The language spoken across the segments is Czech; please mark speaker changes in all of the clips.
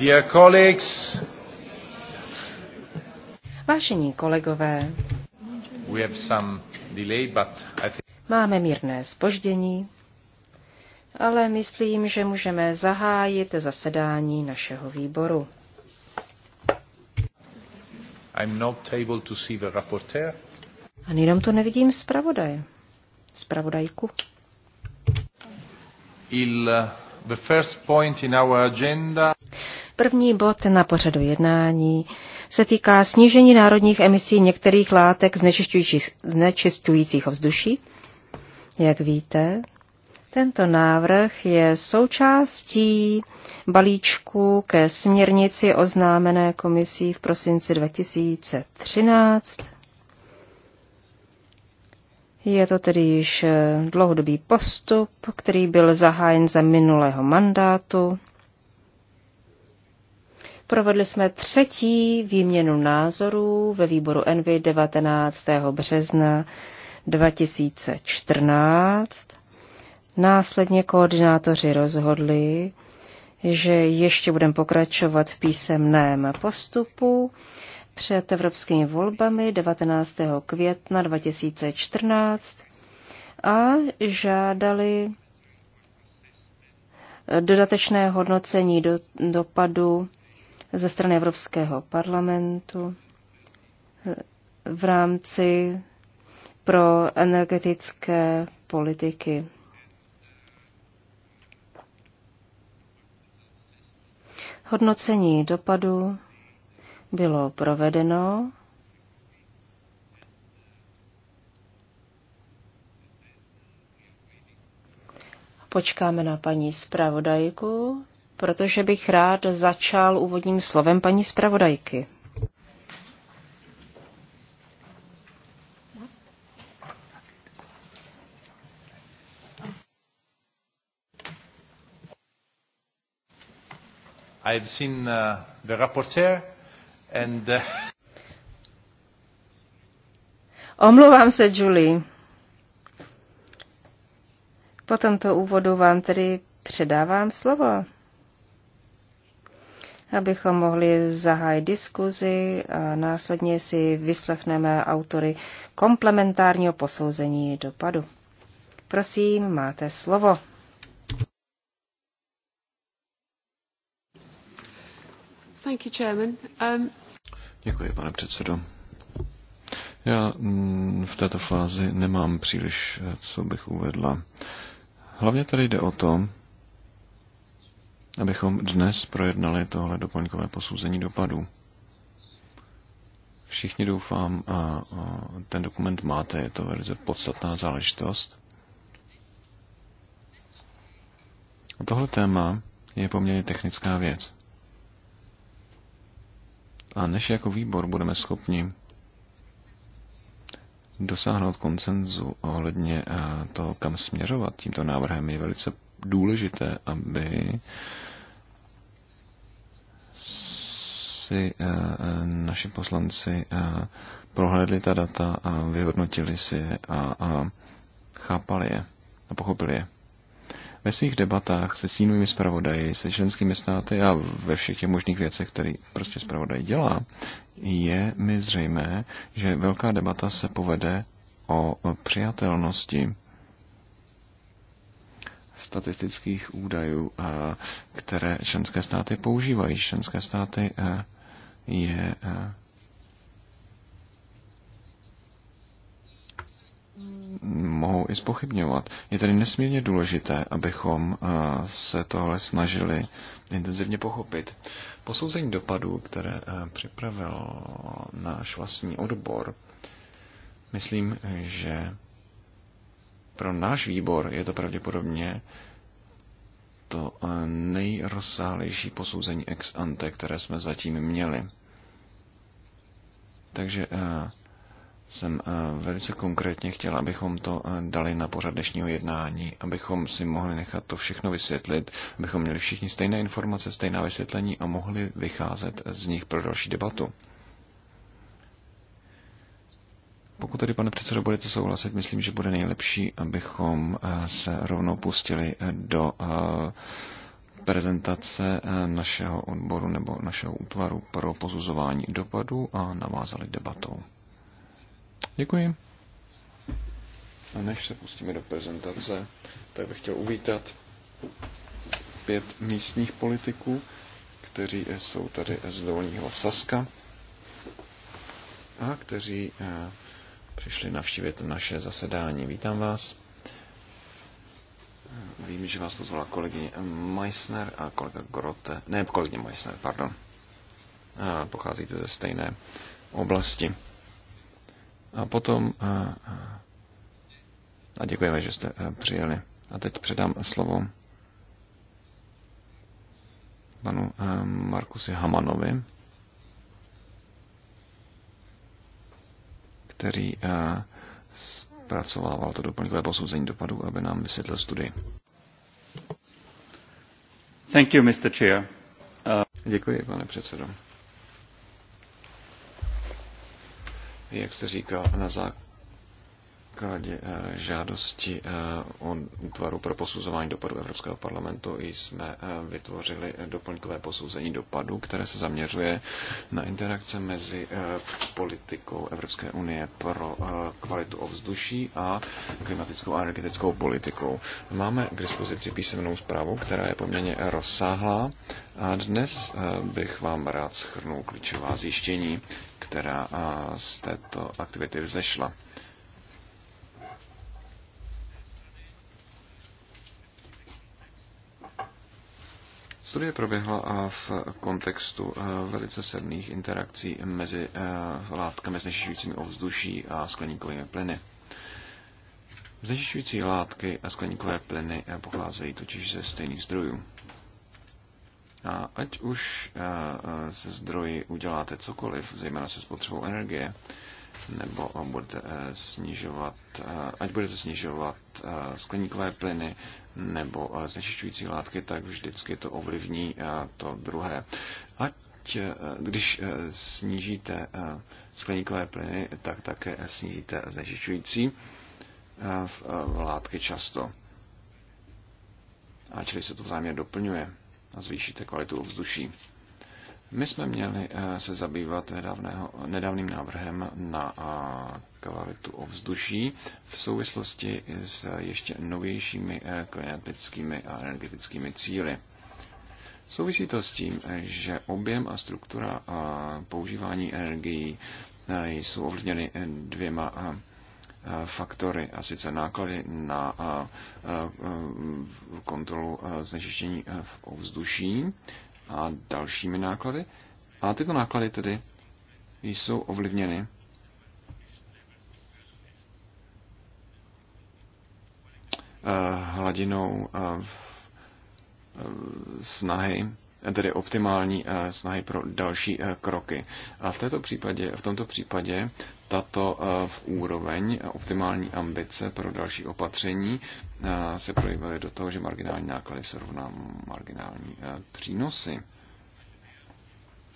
Speaker 1: Dear colleagues,
Speaker 2: Vážení kolegové, we have
Speaker 3: some delay, but I think...
Speaker 2: máme mírné spoždění, ale myslím, že můžeme zahájit zasedání našeho výboru.
Speaker 1: I'm not able to see the rapporteur.
Speaker 2: A jenom to nevidím zpravodaje. Zpravodajku.
Speaker 1: Il, uh, the first point in our agenda.
Speaker 2: První bod na pořadu jednání se týká snížení národních emisí některých látek znečistujících ovzduší. Jak víte, tento návrh je součástí balíčku ke směrnici oznámené komisí v prosinci 2013. Je to tedy již eh, dlouhodobý postup, který byl zahájen za minulého mandátu Provedli jsme třetí výměnu názorů ve výboru Envy 19. března 2014. Následně koordinátoři rozhodli, že ještě budeme pokračovat v písemném postupu před evropskými volbami 19. května 2014 a žádali dodatečné hodnocení do, dopadu ze strany Evropského parlamentu v rámci pro energetické politiky. Hodnocení dopadu bylo provedeno Počkáme na paní zpravodajku, protože bych rád začal úvodním slovem paní zpravodajky.
Speaker 1: I've seen uh, the rapporteur and uh...
Speaker 2: Omlouvám se, Julie. Po tomto úvodu vám tedy předávám slovo abychom mohli zahájit diskuzi a následně si vyslechneme autory komplementárního posouzení dopadu. Prosím, máte slovo.
Speaker 1: Thank you, Chairman. Um...
Speaker 3: Děkuji, pane předsedo. Já mm, v této fázi nemám příliš, eh, co bych uvedla. Hlavně tady jde o to, abychom dnes projednali tohle doplňkové posouzení dopadů. Všichni doufám, a, ten dokument máte, je to velice podstatná záležitost. A tohle téma je poměrně technická věc. A než jako výbor budeme schopni dosáhnout koncenzu ohledně toho, kam směřovat tímto návrhem, je velice důležité, aby si eh, eh, naši poslanci eh, prohlédli ta data a vyhodnotili si je a chápali je a pochopili je. Ve svých debatách se stínovými zpravodaji, se členskými státy a ve všech těch možných věcech, které prostě zpravodaj dělá, je mi zřejmé, že velká debata se povede o přijatelnosti statistických údajů, které členské státy používají. Členské státy je mohou i spochybňovat. Je tedy nesmírně důležité, abychom se tohle snažili intenzivně pochopit. Posouzení dopadů, které připravil náš vlastní odbor, myslím, že pro náš výbor je to pravděpodobně to eh, nejrozsáhlejší posouzení ex ante, které jsme zatím měli. Takže eh, jsem eh, velice konkrétně chtěl, abychom to dali na pořad dnešního jednání, abychom si mohli nechat to všechno vysvětlit, abychom měli všichni stejné informace, stejná vysvětlení a mohli vycházet z nich pro další debatu. Pokud tedy, pane předsedo, budete souhlasit, myslím, že bude nejlepší, abychom eh, se rovnou pustili eh, do eh, prezentace našeho odboru nebo našeho útvaru pro pozuzování dopadů a navázali debatou. Děkuji. A než se pustíme do prezentace, tak bych chtěl uvítat pět místních politiků, kteří jsou tady z Dolního Saska a kteří přišli navštívit naše zasedání. Vítám vás. Vím, že vás pozvala kolegyně Meissner a kolega Grote. Ne, kolegyně Meissner, pardon. A pocházíte ze stejné oblasti. A potom... A, a děkujeme, že jste přijeli. A teď předám slovo panu Markusi Hamanovi. který eh, zpracovával to doplňkové posouzení dopadů, aby nám vysvětlil studii.
Speaker 1: Thank you, Mr. Chair. Uh... Děkuji, pane předsedo.
Speaker 3: Jak jste říkal, na základě základě eh, žádosti eh, o útvaru pro posuzování dopadu Evropského parlamentu jsme eh, vytvořili doplňkové posouzení dopadu, které se zaměřuje na interakce mezi politikou Evropské unie pro kvalitu ovzduší a klimatickou a energetickou politikou. Máme k dispozici písemnou zprávu, která je poměrně rozsáhlá a dnes bych vám rád schrnul klíčová zjištění, která z této aktivity vzešla. Studie proběhla v kontextu eh, velice silných interakcí mezi eh, látkami znečišťujícími ovzduší a skleníkovými plyny. Znečišťující látky a skleníkové plyny eh, pocházejí totiž ze stejných zdrojů. A ať už se zdroji uděláte cokoliv, zejména se spotřebou energie, nebo budete eh, snižovat, eh, ať budete snižovat eh, skleníkové plyny nebo znečišťující látky, tak vždycky to ovlivní to druhé. Ať když snížíte skleníkové plyny, tak také snížíte znečišťující látky často. A čili se to vzájemně doplňuje a zvýšíte kvalitu ovzduší. My jsme měli eh, se zabývat nedávného, nedávným návrhem na eh, kvalitu ovzduší v souvislosti s ještě novějšími eh, klimatickými a energetickými cíly. Souvisí to s tím, že objem a struktura používání energií jsou ovlivněny dvěma faktory, a sice náklady na kontrolu znečištění v ovzduší a dalšími náklady. A tyto náklady tedy jsou ovlivněny eh, hladinou eh, eh, snahy tedy optimální eh, snahy pro další eh, kroky. A v, této případě, v tomto případě tato eh, v úroveň optimální ambice pro další opatření se projevuje do toho, že marginální náklady se rovná marginální přínosy.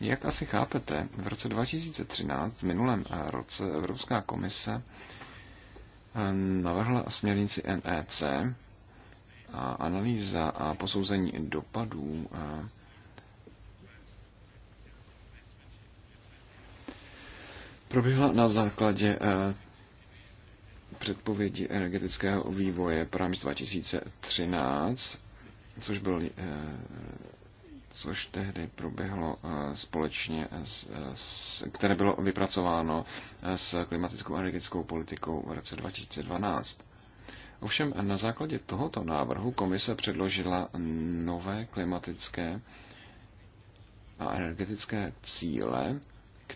Speaker 3: Jak asi chápete, v roce 2013, v minulém roce, Evropská komise navrhla směrnici NEC a analýza a posouzení dopadů a proběhla na základě eh, předpovědi energetického vývoje pro 2013, což byl eh, což tehdy proběhlo eh, společně, s, s, které bylo vypracováno s klimatickou a energetickou politikou v roce 2012. Ovšem na základě tohoto návrhu komise předložila nové klimatické a energetické cíle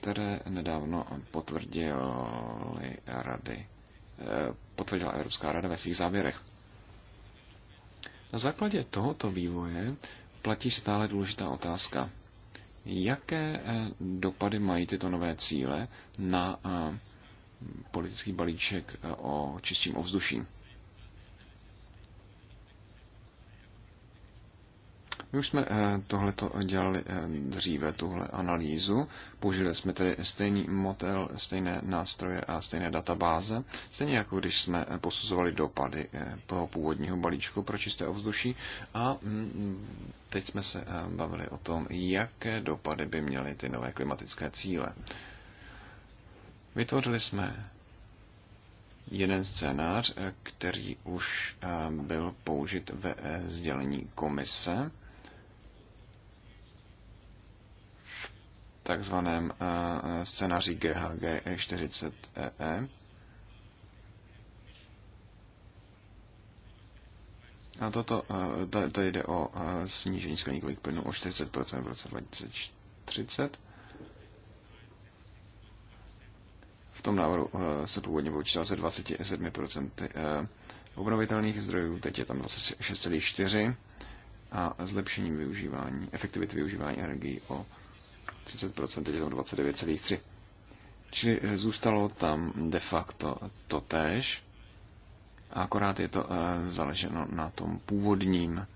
Speaker 3: které nedávno potvrdili rady, eh, potvrdila Evropská rada ve svých závěrech. Na základě tohoto vývoje platí stále důležitá otázka. Jaké eh, dopady mají tyto nové cíle na eh, politický balíček o čistím ovzduším? My už jsme eh, tohleto dělali eh, dříve, tuhle analýzu. Použili jsme tedy stejný model, stejné nástroje a stejné databáze, stejně jako když jsme eh, posuzovali dopady toho původního balíčku pro čisté ovzduší a mm, teď jsme se bavili o tom, jaké dopady by měly ty nové klimatické cíle. Vytvořili jsme jeden scénář, který už byl použit ve sdělení komise takzvaném eh, eh, scénáři GHG 40EE. E. A toto, eh, to jde o snížení skleníkových plynů o 40% v roce 2030. V tom návrhu se původně počítalo se 27% obnovitelných zdrojů, teď je tam 26,4% a zlepšení využívání, efektivity využívání energii o 30%, teď je tam 29,3%. Čili eh, zůstalo tam de facto to tež, akorát je to eh, založeno na tom původním,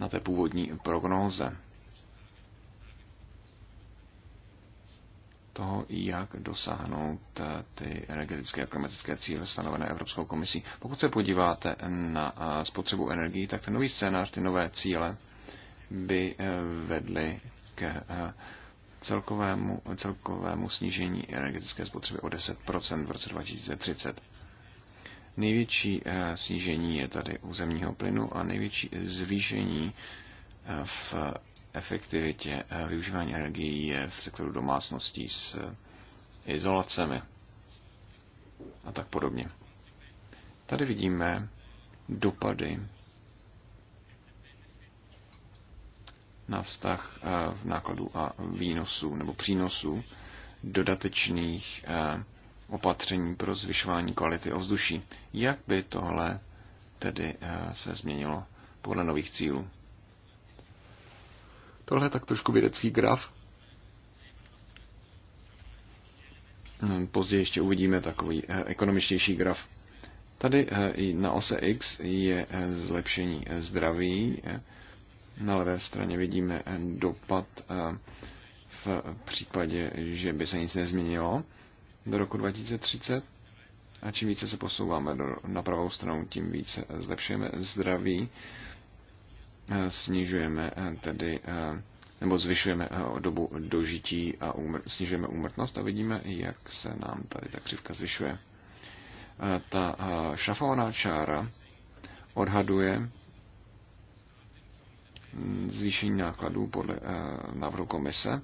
Speaker 3: na té původní prognóze. toho, jak dosáhnout eh, ty energetické a klimatické cíle stanovené Evropskou komisí. Pokud se podíváte na spotřebu energii, tak ten nový scénář, ty nové cíle by vedly k eh, celkovému, celkovému snížení energetické spotřeby o 10% v roce 2030. Největší eh, snížení je tady u zemního plynu a největší zvýšení eh, v efektivitě využívání energie je v sektoru domácností s izolacemi a tak podobně. Tady vidíme dopady na vztah eh, v nákladu a výnosů nebo přínosů dodatečných eh, opatření pro zvyšování kvality ovzduší. Jak by tohle tedy eh, se změnilo podle nových cílů? Tohle je tak trošku vědecký graf. Hmm, později ještě uvidíme takový ekonomičtější graf. Tady na ose X je zlepšení zdraví, na levé straně vidíme dopad eh, v případě, že by se nic nezměnilo do roku 2030. A čím více se posouváme do, na pravou stranu, tím více zlepšujeme zdraví, eh, snižujeme eh, tedy nebo zvyšujeme dobu dožití a úmr- snižujeme úmrtnost a vidíme, jak se nám tady ta křivka zvyšuje. Ta šafovaná čára odhaduje zvýšení nákladů podle eh, návrhu komise,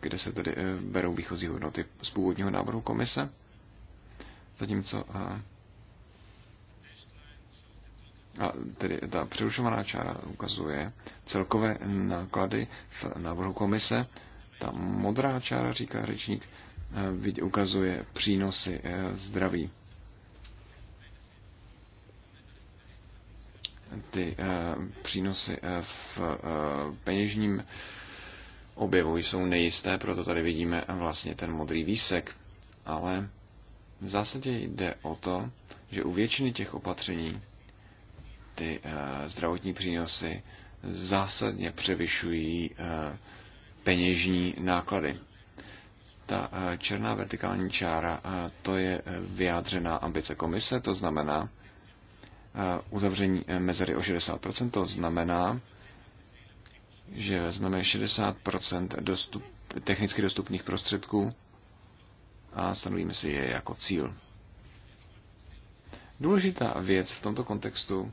Speaker 3: kde se tedy eh, berou výchozí hodnoty z původního návrhu komise, zatímco eh, a tedy ta přerušovaná čára ukazuje celkové náklady v návrhu komise. Ta modrá čára, říká řečník, ukazuje přínosy zdraví. ty eh, přínosy eh, v eh, peněžním objevu jsou nejisté, proto tady vidíme vlastně ten modrý výsek. Ale v zásadě jde o to, že u většiny těch opatření ty zdravotní přínosy zásadně převyšují peněžní náklady. Ta černá vertikální čára, to je vyjádřená ambice komise, to znamená, uzavření eh, mezery o 60%. To znamená, že vezmeme 60% dostup, technicky dostupných prostředků a stanovíme si je jako cíl. Důležitá věc v tomto kontextu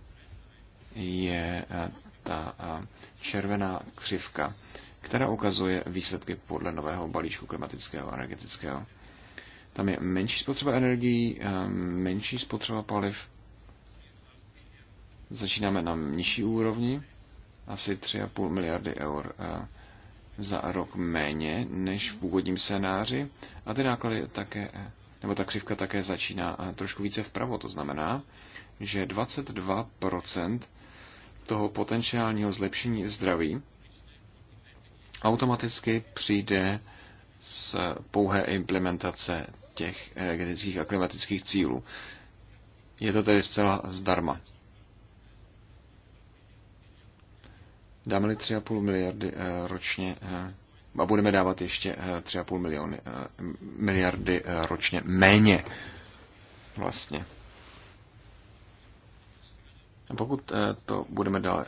Speaker 3: je eh, ta eh, červená křivka, která ukazuje výsledky podle nového balíčku klimatického a energetického. Tam je menší spotřeba energií, menší spotřeba paliv Začínáme na nižší úrovni, asi 3,5 miliardy eur eh, za rok méně než v původním scénáři a ty náklady také, eh, nebo ta křivka také začíná eh, trošku více vpravo, to znamená, že 22% toho potenciálního zlepšení zdraví automaticky přijde z pouhé implementace těch energetických a klimatických cílů. Je to tedy zcela zdarma. Dáme-li 3,5 miliardy eh, ročně eh, a budeme dávat ještě 3,5 eh, miliony, miliardy ročně méně vlastně. A pokud to budeme dále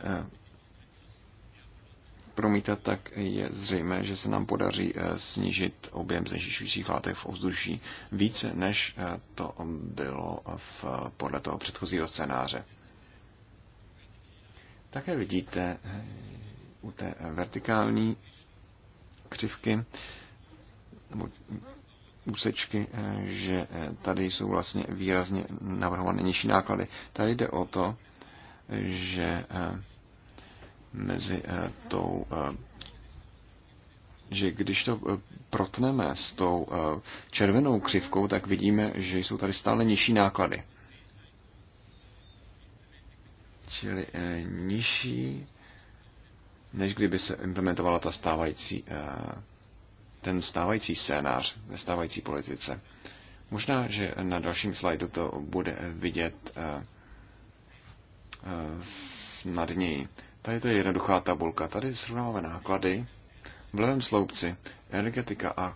Speaker 3: promítat, tak je zřejmé, že se nám podaří snížit objem znečišťujících látek v ovzduší více, než to bylo v, podle toho předchozího scénáře. Také vidíte eh, u té vertikální křivky nebo úsečky, eh, že eh, tady jsou vlastně výrazně navrhované nižší náklady. Tady jde o to, že mezi tou že když to protneme s tou červenou křivkou, tak vidíme, že jsou tady stále nižší náklady čili eh, nižší, než kdyby se implementovala ta stávající, eh, ten stávající scénář ve stávající politice. Možná, že na dalším slajdu to bude vidět eh, snadněji. Tady to je jednoduchá tabulka. Tady srovnáváme náklady v levém sloupci energetika a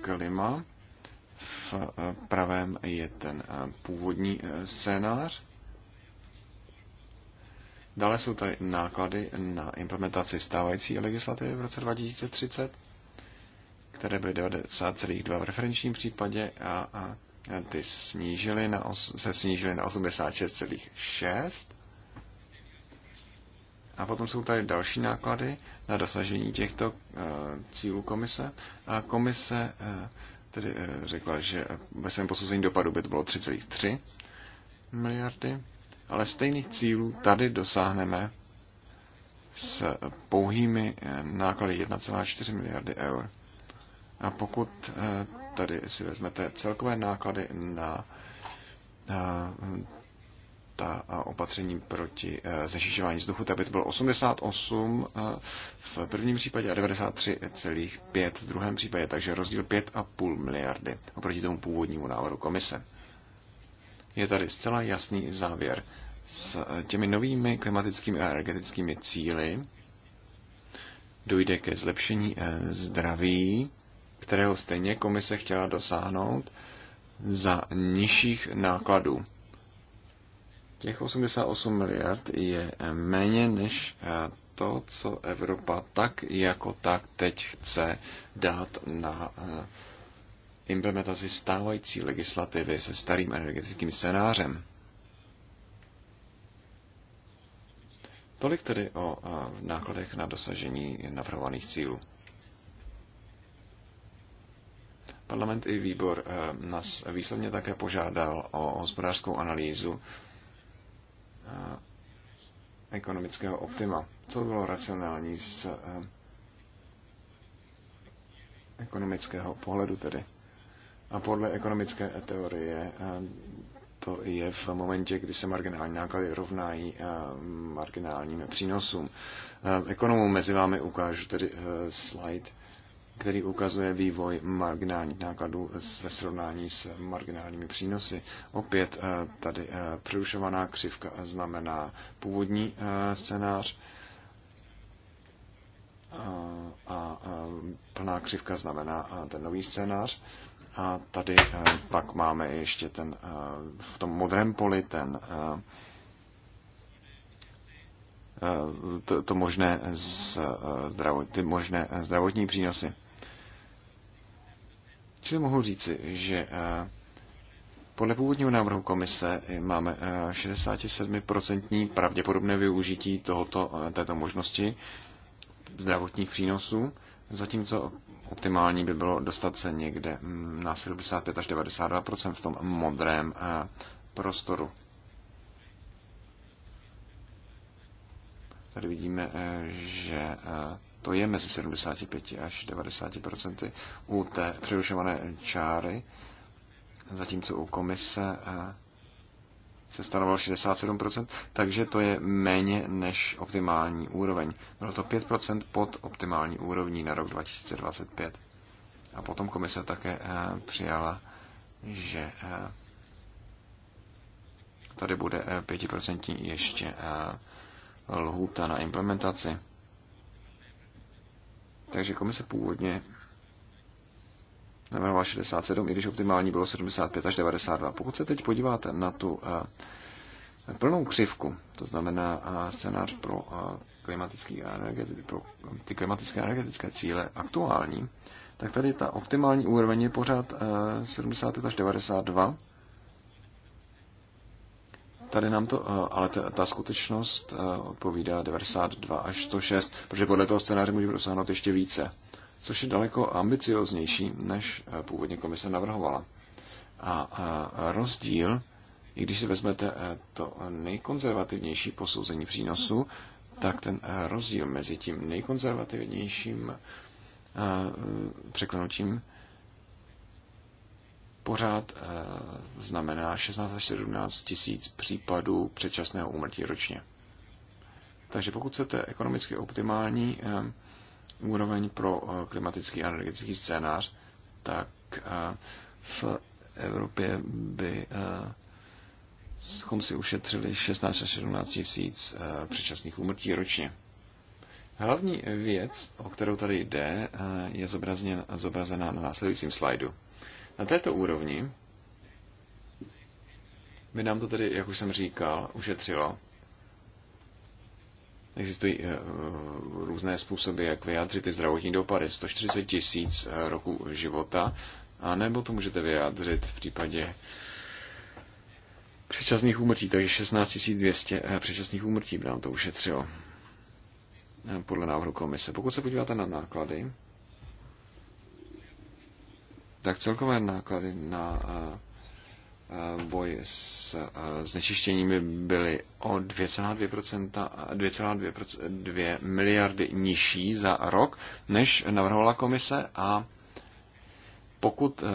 Speaker 3: klima. V pravém je ten původní scénář Dále jsou tady náklady na implementaci stávající legislativy v roce 2030, které byly 90,2 v referenčním případě a, a ty snížily na os, se snížily na 86,6. A potom jsou tady další náklady na dosažení těchto uh, cílů komise. A komise uh, tedy uh, řekla, že ve svém posouzení dopadu by to bylo 3,3 miliardy ale stejných cílů tady dosáhneme s pouhými eh, náklady 1,4 miliardy eur. A pokud eh, tady si vezmete celkové náklady na eh, ta opatření proti zešišování vzduchu, tak by to bylo 88 v prvním případě a 93,5 v druhém případě, takže rozdíl 5,5 miliardy oproti tomu původnímu návrhu komise. Je tady zcela jasný závěr s těmi novými klimatickými a energetickými cíly dojde ke zlepšení eh, zdraví, kterého stejně komise chtěla dosáhnout za nižších nákladů. Těch 88 miliard je eh, méně než eh, to, co Evropa tak jako tak teď chce dát na implementaci stávající legislativy se starým energetickým scénářem. Tolik tedy o nákladech na dosažení navrhovaných cílů. Parlament i výbor eh, nás výslovně také požádal o hospodářskou analýzu eh, ekonomického optima. Co bylo racionální z eh, ekonomického pohledu tedy? A podle ekonomické teorie to je v momentě, kdy se marginální náklady rovnají eh, marginálním přínosům. Eh, Ekonomům mezi vámi ukážu tedy eh, slide, který ukazuje vývoj marginálních nákladů ve srovnání s marginálními přínosy. Opět tady přerušovaná křivka znamená původní scénář a plná křivka znamená ten nový scénář. A tady eh, pak máme ještě ten, eh, v tom modrém poli ten, eh, to, to možné z, zdravot, ty možné zdravotní přínosy. Čili mohu říci, že podle původního návrhu komise máme 67% pravděpodobné využití tohoto, této možnosti zdravotních přínosů Zatímco optimální by bylo dostat se někde mm, na 75 až 92 v tom modrém eh, prostoru. Tady vidíme, eh, že eh, to je mezi 75 až 90 u té přerušované čáry, zatímco u komise se stanovil 67%, takže to je méně než optimální úroveň. Bylo to 5% pod optimální úrovní na rok 2025. A potom komise také eh, přijala, že eh, tady bude 5% eh, ještě lhůta na implementaci. Takže komise původně navrhoval 67, i když optimální bylo 75 až 92. Pokud se teď podíváte na tu eh, plnou křivku, to znamená eh, scénář pro, eh, klimatický a pro ty klimatické a energetické cíle aktuální, tak tady ta optimální úroveň je pořád 75 až 92. Tady nám to, ale ta, ta skutečnost odpovídá 92 až 106, protože podle toho scénáře můžeme dosáhnout ještě více což je daleko ambicioznější, než eh, původně komise navrhovala. A rozdíl, i když si vezmete eh, to nejkonzervativnější posouzení přínosu, tak ten eh, rozdíl mezi tím nejkonzervativnějším překlenutím pořád znamená 16 až 17 tisíc případů předčasného úmrtí ročně. Takže pokud chcete ekonomicky optimální úroveň pro eh, klimatický a energetický scénář, tak eh, v Evropě by eh, schom si ušetřili 16 až 17 tisíc předčasných úmrtí ročně. Hlavní věc, o kterou tady jde, je zobrazená na následujícím slajdu. Na této úrovni by nám to tedy, jak už jsem říkal, ušetřilo Existují eh, eh, různé způsoby, jak vyjádřit ty zdravotní dopady. 140 tisíc eh, roků života, a nebo to můžete vyjádřit v případě předčasných úmrtí, takže 16 200 předčasných úmrtí by nám to ušetřilo podle návrhu komise. Pokud se podíváte na náklady, tak celkové náklady na Eh, boj s eh, znečištěními byly o 2,2 miliardy nižší za rok, než navrhovala komise a pokud eh,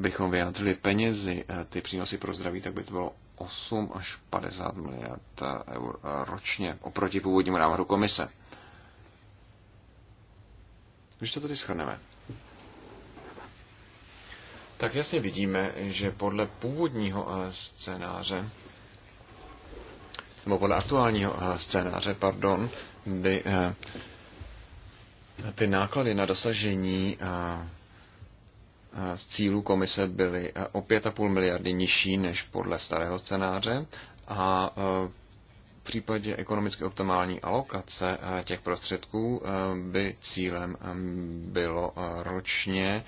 Speaker 3: bychom vyjádřili penězi ty přínosy pro zdraví, tak by to bylo 8 až 50 miliard eur ročně oproti původnímu návrhu komise. Když to tady schrneme tak jasně vidíme, že podle původního eh, scénáře, nebo podle aktuálního eh, scénáře, pardon, by eh, ty náklady na dosažení z cílů komise byly o 5,5 miliardy nižší než podle starého scénáře a případě ekonomicky optimální alokace eh, těch prostředků eh, by cílem eh, bylo ročně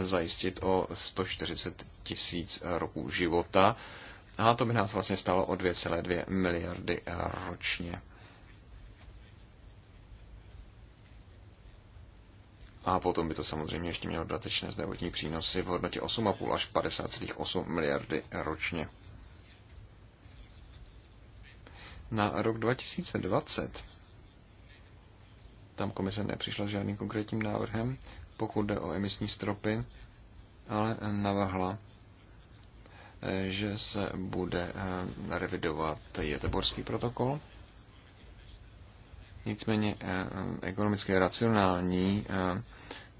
Speaker 3: zajistit o 140 tisíc roků života a to by nás vlastně stalo o 2,2 miliardy ročně. A potom by to samozřejmě ještě mělo dodatečné zdravotní přínosy v hodnotě 8,5 až 50,8 miliardy ročně. Na rok 2020 tam komise nepřišla s žádným konkrétním návrhem, pokud jde o emisní stropy, ale navrhla, eh, že se bude eh, revidovat Jeteborský protokol. Nicméně eh, ekonomicky racionální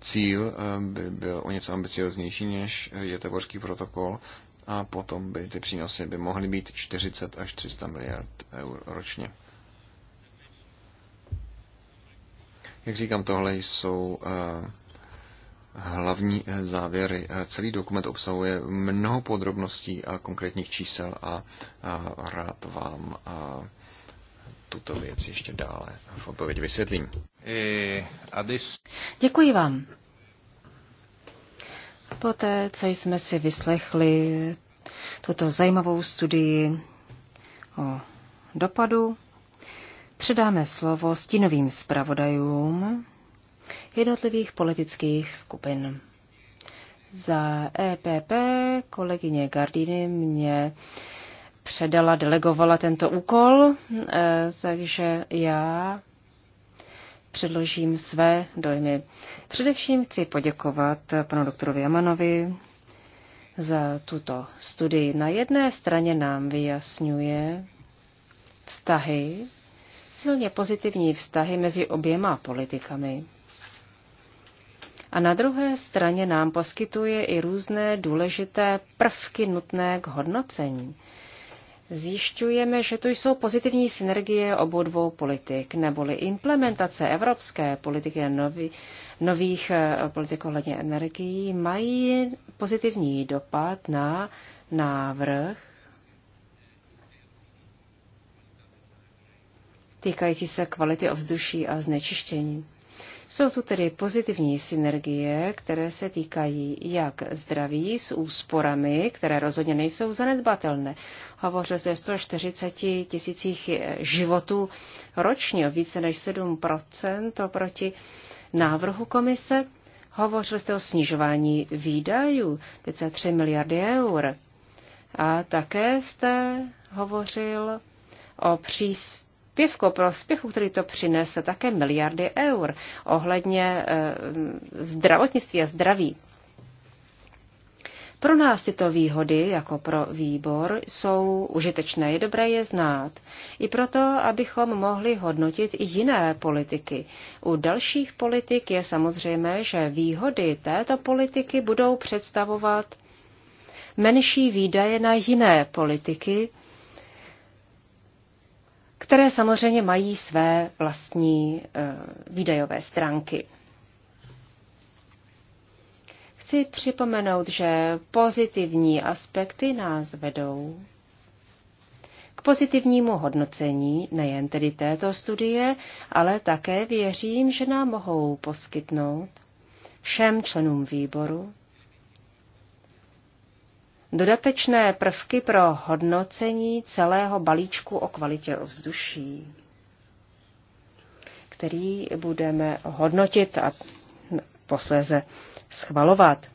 Speaker 3: cíl by byl o něco ambicioznější než Jeteborský protokol a potom by ty přínosy by mohly být 40 až 300 miliard eur ročně. Jak říkám, tohle jsou eh, hlavní eh, závěry. Eh, celý dokument obsahuje mnoho podrobností a konkrétních čísel a rád vám tuto věc ještě dále v odpovědi vysvětlím.
Speaker 2: Děkuji vám. Poté, co jsme si vyslechli tuto zajímavou studii o dopadu, předáme slovo stínovým zpravodajům jednotlivých politických skupin. Za EPP kolegyně Gardiny mě předala, delegovala tento úkol, eh, takže já předložím své dojmy. Především chci poděkovat panu doktorovi Jamanovi za tuto studii. Na jedné straně nám vyjasňuje vztahy, silně pozitivní vztahy mezi oběma politikami. A na druhé straně nám poskytuje i různé důležité prvky nutné k hodnocení zjišťujeme, že to jsou pozitivní synergie obou dvou politik, neboli implementace evropské politiky a nový, nových eh, politik ohledně energií mají pozitivní dopad na návrh týkající se kvality ovzduší a znečištění. Jsou tu tedy pozitivní synergie, které se týkají jak zdraví s úsporami, které rozhodně nejsou zanedbatelné. Hovořil se 140 tisících eh, životů ročně, více než 7 oproti návrhu komise. Hovořil jste o snižování výdajů, 3 miliardy eur. A také jste hovořil o příspěvku příspěvku, prospěchu, který to přinese, také miliardy eur ohledně eh, zdravotnictví a zdraví. Pro nás tyto výhody, jako pro výbor, jsou užitečné, je dobré je znát. I proto, abychom mohli hodnotit i jiné politiky. U dalších politik je samozřejmé, že výhody této politiky budou představovat menší výdaje na jiné politiky, které samozřejmě mají své vlastní eh, výdajové stránky. Chci připomenout, že pozitivní aspekty nás vedou k pozitivnímu hodnocení nejen tedy této studie, ale také věřím, že nám mohou poskytnout všem členům výboru dodatečné prvky pro hodnocení celého balíčku o kvalitě ovzduší, který budeme hodnotit a posléze schvalovat.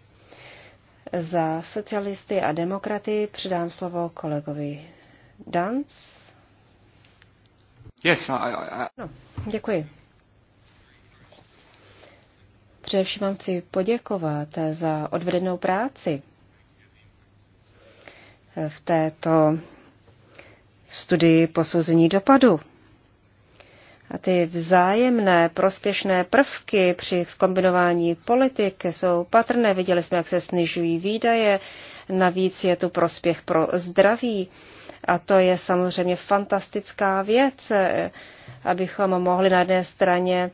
Speaker 2: Za socialisty a demokraty předám slovo kolegovi Danc. Yes, I, I, I... No, děkuji. Především vám chci poděkovat za odvedenou práci v této studii posouzení dopadu. A ty vzájemné prospěšné prvky při skombinování politik jsou patrné. Viděli jsme, jak se snižují výdaje, navíc je tu prospěch pro zdraví. A to je samozřejmě fantastická věc, abychom mohli na jedné straně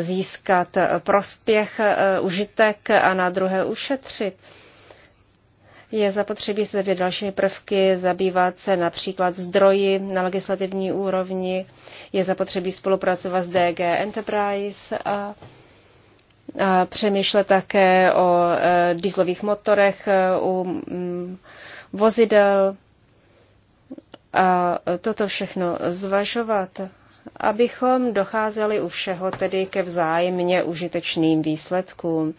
Speaker 2: získat prospěch, e, užitek a na druhé ušetřit je zapotřebí se zabývat dalšími prvky, zabývat se například zdroji na legislativní úrovni, je zapotřebí spolupracovat s DG Enterprise a, a přemýšlet také o e, dieslových motorech e, u m, mm, vozidel a toto všechno zvažovat abychom docházeli u všeho tedy ke vzájemně užitečným výsledkům.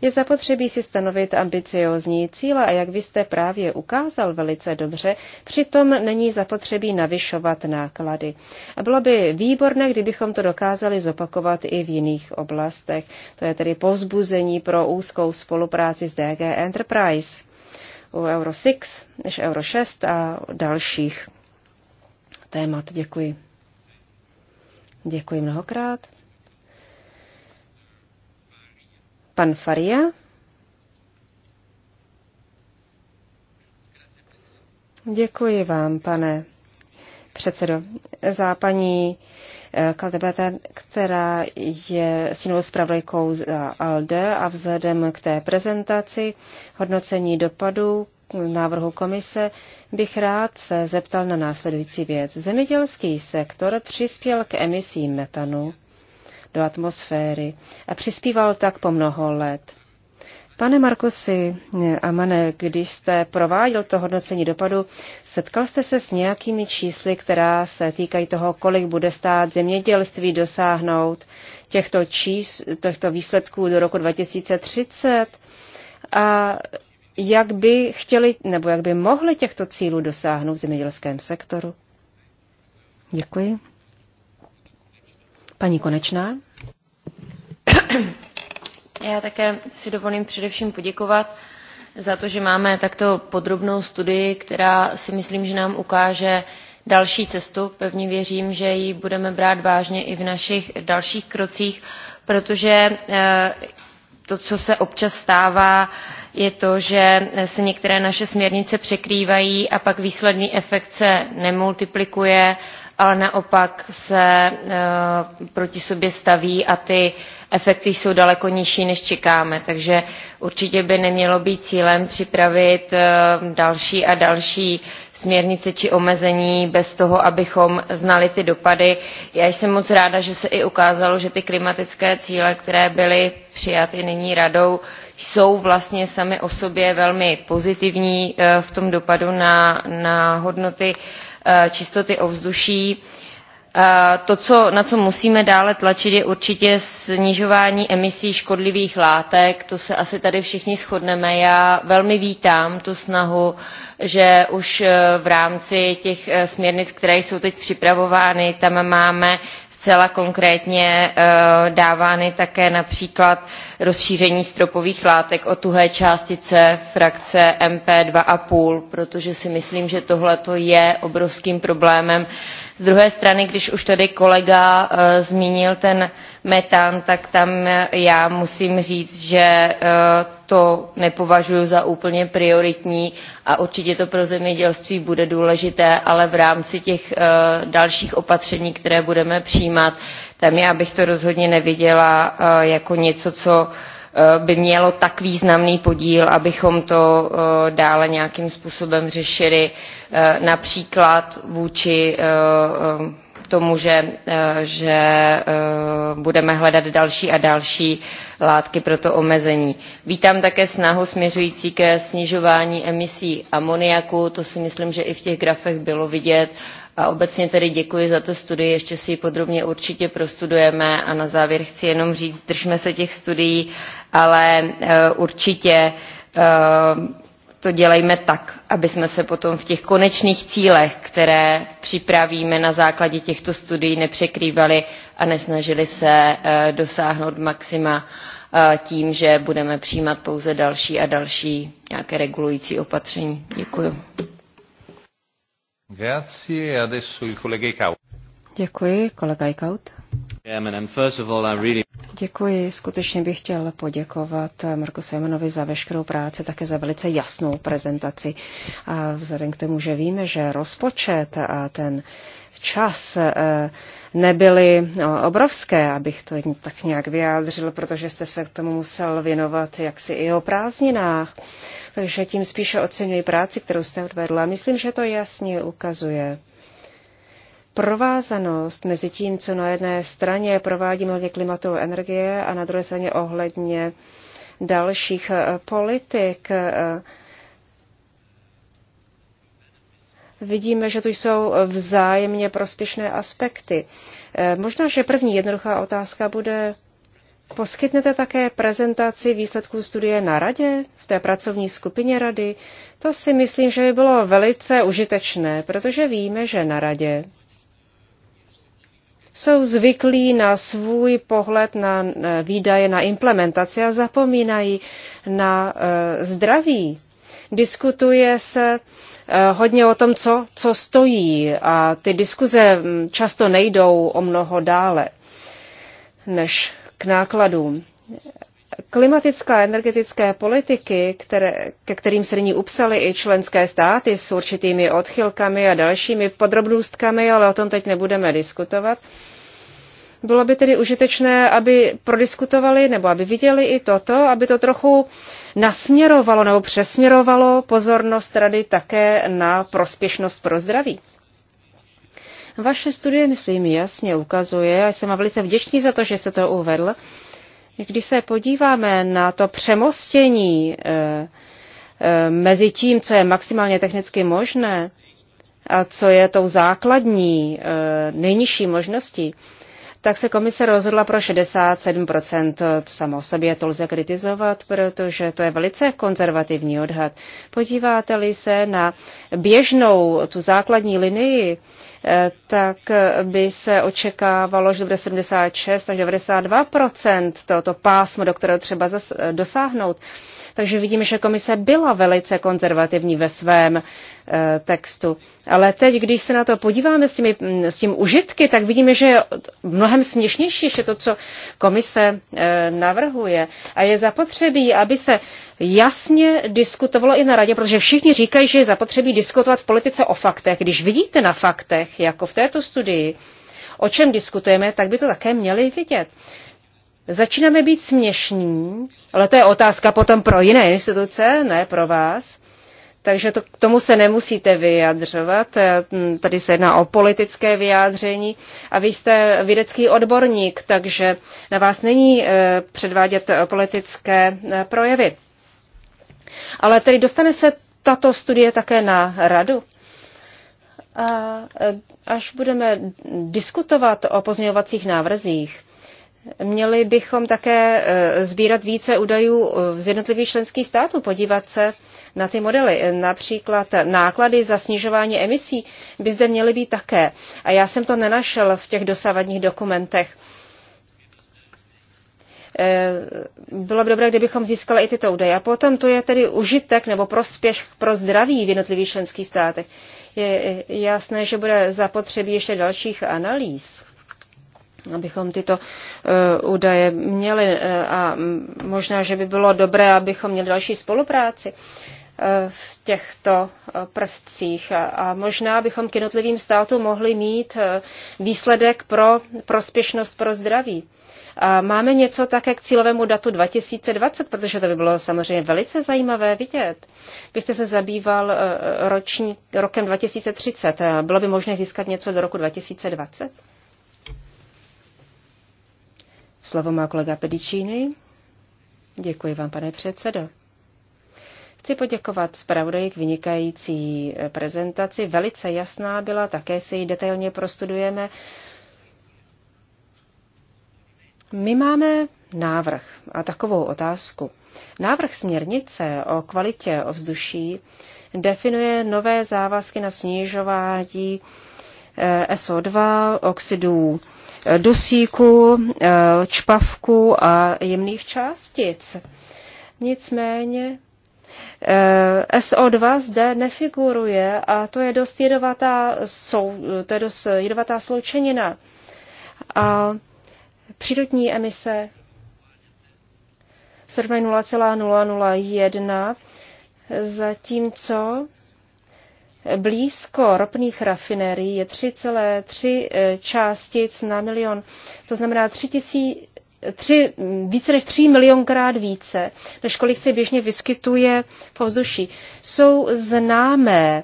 Speaker 2: Je zapotřebí si stanovit ambiciozní cíle a jak byste právě ukázal velice dobře, přitom není zapotřebí navyšovat náklady. A bylo by výborné, kdybychom to dokázali zopakovat i v jiných oblastech. To je tedy povzbuzení pro úzkou spolupráci s DG Enterprise u Euro 6, než Euro 6 a dalších témat. Děkuji. Děkuji mnohokrát. Pan Faria. Děkuji vám, pane předsedo, za paní eh, Kaldebete, která je synovou zpravodajkou za ALDE a vzhledem k té prezentaci hodnocení dopadů návrhu komise bych rád se zeptal na následující věc. Zemědělský sektor přispěl k emisím metanu do atmosféry a přispíval tak po mnoho let. Pane Markusi Mane, když jste prováděl to hodnocení dopadu, setkal jste se s nějakými čísly, která se týkají toho, kolik bude stát zemědělství dosáhnout těchto, čís, těchto výsledků do roku 2030? A jak by chtěli nebo jak by mohli těchto cílů dosáhnout v zemědělském sektoru. Děkuji. Paní Konečná.
Speaker 4: Já také si dovolím především poděkovat za to, že máme takto podrobnou studii, která si myslím, že nám ukáže další cestu. Pevně věřím, že ji budeme brát vážně i v našich dalších krocích, protože eh, to, co se občas stává, je to, že se některé naše směrnice překrývají a pak výsledný efekt se nemultiplikuje, ale naopak se eh, proti sobě staví a ty efekty jsou daleko nižší, než čekáme. Takže určitě by nemělo být cílem připravit eh, další a další směrnice či omezení bez toho, abychom znali ty dopady. Já jsem moc ráda, že se i ukázalo, že ty klimatické cíle, které byly přijaty nyní radou, jsou vlastně sami o sobě velmi pozitivní eh, v tom dopadu na, na hodnoty eh, čistoty ovzduší Eh, to co, na co musíme dále tlačit je určitě snižování emisí škodlivých látek to se asi tady všichni shodneme. já velmi vítám tu snahu že už eh, v rámci těch eh, směrnic které jsou teď připravovány tam máme zcela konkrétně dávány také například rozšíření stropových látek o tuhé částice frakce mp two five protože si myslím že tohle je obrovským problémem z druhé strany když už tady kolega eh, zmínil ten metan tak tam eh, já musím říct že eh, to nepovažuji za úplně prioritní a určitě to pro zemědělství bude důležité ale v rámci těch dalších opatření která budeme přijímat tam já bych to rozhodně neviděla jako něco co Eh, by mělo tak významný podíl, abychom to eh, dále nějakým způsobem řešili, eh, například vůči k tomu, že, eh, že eh, budeme hledat další a další látky pro to omezení. Vítám také snahu směřující ke snižování emisí amoniaku, to si myslím, že i v těch grafech bylo vidět. A obecně tedy děkuji za tu studii, ještě si ji podrobně určitě prostudujeme a na závěr chci jenom říct, držme se těch studií, ale eh, určitě to dělejme tak, aby jsme se potom v těch konečných cílech, které připravíme na základě těchto studií, nepřekrývali a nesnažili se eh, dosáhnout maxima eh, tím, že budeme přijímat pouze další a další nějaké regulující opatření. Děkuji. Grazie, adesso il collega Icaut.
Speaker 2: Děkuji, kolega Icaut. Děkuji, skutečně bych chtěl poděkovat eh, Marku Semenovi za veškerou práci, také za velice jasnou prezentaci. A vzhledem k tomu, že víme, že rozpočet a ten čas eh, nebyly no, obrovské, abych to tak nějak vyjádřil, protože jste se k tomu musel věnovat jaksi i o prázdninách. Takže tím spíše oceňuji práci, kterou jste odvedla. Myslím, že to jasně ukazuje provázanost mezi tím, co na jedné straně provádíme ohledně klimatu a energie a na druhé straně ohledně dalších eh, politik. Eh, vidíme, že tu jsou vzájemně prospěšné aspekty. Eh, možná, že první jednoduchá otázka bude, Poskytnete také prezentaci výsledků studie na radě, v té pracovní skupině rady? To si myslím, že by bylo velice užitečné, protože víme, že na radě jsou zvyklí na svůj pohled na výdaje na implementaci a zapomínají na eh, zdraví. Diskutuje se eh, hodně o tom, co, co stojí a ty diskuze hm, často nejdou o mnoho dále než k nákladům. Klimatické a energetické politiky, které, ke kterým se nyní upsaly i členské státy s určitými odchylkami a dalšími podrobnostkami, ale o tom teď nebudeme diskutovat, bylo by tedy užitečné, aby prodiskutovali nebo aby viděli i toto, aby to trochu nasměrovalo nebo přesměrovalo pozornost rady také na prospěšnost pro zdraví. Vaše studie, myslím, jasně ukazuje, a jsem velice vděčný za to, že jste to uvedl, když se podíváme na to přemostění eh, eh, mezi tím, co je maximálně technicky možné a co je tou základní eh, nejnižší možností, tak se komise rozhodla pro 67%. To samo o sobě to lze kritizovat, protože to je velice konzervativní odhad. Podíváte-li se na běžnou tu základní linii, Eh, tak eh, by se očekávalo, že bude 76 až 92 tohoto pásmo, do kterého třeba eh, dosáhnout. Takže vidíme, že komise byla velice konzervativní ve svém eh, textu. Ale teď, když se na to podíváme s, těmi, mm, s tím užitky, tak vidíme, že je mnohem směšnější ještě to, co komise eh, navrhuje. A je zapotřebí, aby se jasně diskutovalo i na radě, protože všichni říkají, že je zapotřebí diskutovat v politice o faktech. Když vidíte na faktech, jako v této studii, o čem diskutujeme, tak by to také měli vidět. Začínáme být směšní, ale to je otázka potom pro jiné instituce, ne pro vás. Takže to, k tomu se nemusíte vyjadřovat. Tady se jedná o politické vyjádření a vy jste vědecký odborník, takže na vás není eh, předvádět eh, politické eh, projevy. Ale tedy dostane se tato studie také na radu? A až budeme diskutovat o pozměňovacích návrzích, Měli bychom také eh, sbírat více údajů eh, z jednotlivých členských států, podívat se na ty modely. Například náklady za snižování emisí by zde měly být také. A já jsem to nenašel v těch dosávadních dokumentech. Eh, bylo by dobré, kdybychom získali i tyto údaje. A potom to je tedy užitek nebo prospěch pro zdraví v jednotlivých členských státech. Je jasné, že bude zapotřebí ještě dalších analýz abychom tyto eh, údaje měli eh, a možná, že by bylo dobré, abychom měli další spolupráci eh, v těchto prvcích. A možná bychom k jednotlivým státům mohli mít výsledek pro prospěšnost pro zdraví. A máme něco také k cílovému datu 2020, protože to by bylo samozřejmě velice zajímavé vidět. Vy jste se zabýval roční, rokem 2030. Bylo by možné získat něco do roku 2020? Slovo má kolega Pedicini. Děkuji vám, pane předsedo. Chci poděkovat zpravodaji k vynikající eh, prezentaci. Velice jasná byla, také si ji detailně prostudujeme. My máme návrh a takovou otázku. Návrh směrnice o kvalitě ovzduší definuje nové závazky na snižování eh, SO2, oxidů dusíku, eh, čpavku a jemných částic. Nicméně eh, SO2 zde nefiguruje a to je dost jedovatá, sou, to je dost jedovatá sloučenina. A přírodní emise srovnají 0,001, zatímco blízko ropných rafinerií je 3,3 eh, částic na milion. To znamená 3 tři, více než tři milionkrát více, než kolik se běžně vyskytuje v ovzduší. Jsou známé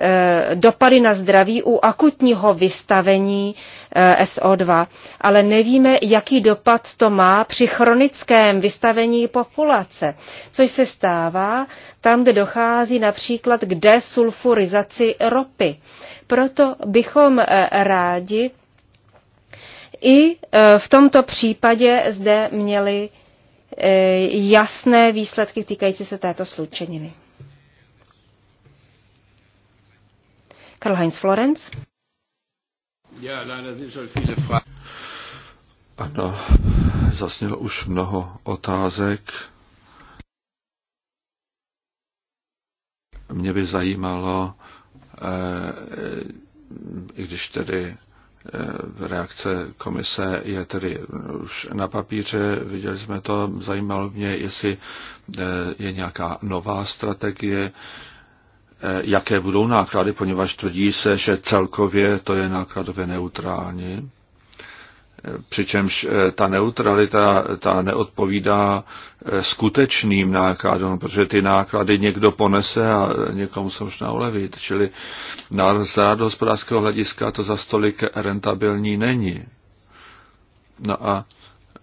Speaker 2: eh, dopady na zdraví u akutního vystavení eh, SO2, ale nevíme, jaký dopad to má při chronickém vystavení populace, což se stává tam, kde dochází například k desulfurizaci ropy. Proto bychom eh, rádi i e, v tomto případě zde měli e, jasné výsledky týkající se této sloučeniny. Karl Heinz Florenz.
Speaker 1: Ano, zasnělo už mnoho otázek. Mě by zajímalo, e, i když tedy Eh, reakce komise je tedy už na papíře, viděli jsme to, zajímalo mě, jestli eh, je nějaká nová strategie, eh, jaké budou náklady, poněvadž tvrdí se, že celkově to je nákladově neutrální přičemž eh, ta neutralita ta neodpovídá eh, skutečným nákladům, protože ty náklady někdo ponese a někomu se možná ulevit. Čili z hospodářského hlediska to za stolik rentabilní není. No a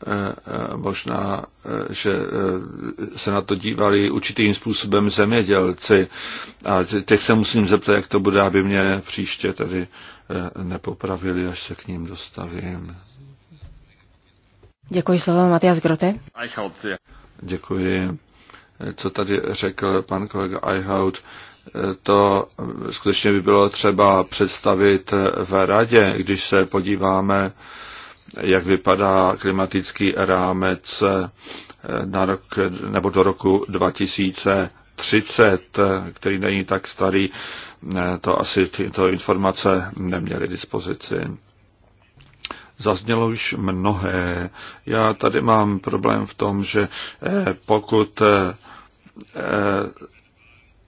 Speaker 1: eh, možná, že se na to dívali určitým způsobem zemědělci. A teď se musím zeptat, jak to bude, aby mě příště tady nepopravili, až se k ním dostavím.
Speaker 2: Děkuji slovo Matias Grote.
Speaker 1: Děkuji. Co tady řekl pan kolega Eichhout, to skutečně by bylo třeba představit v radě, když se podíváme, jak vypadá klimatický rámec na rok, nebo do roku 2030, který není tak starý, to asi tyto informace neměly dispozici zaznělo už mnohé. Já tady mám problém v tom, že eh, pokud eh, eh,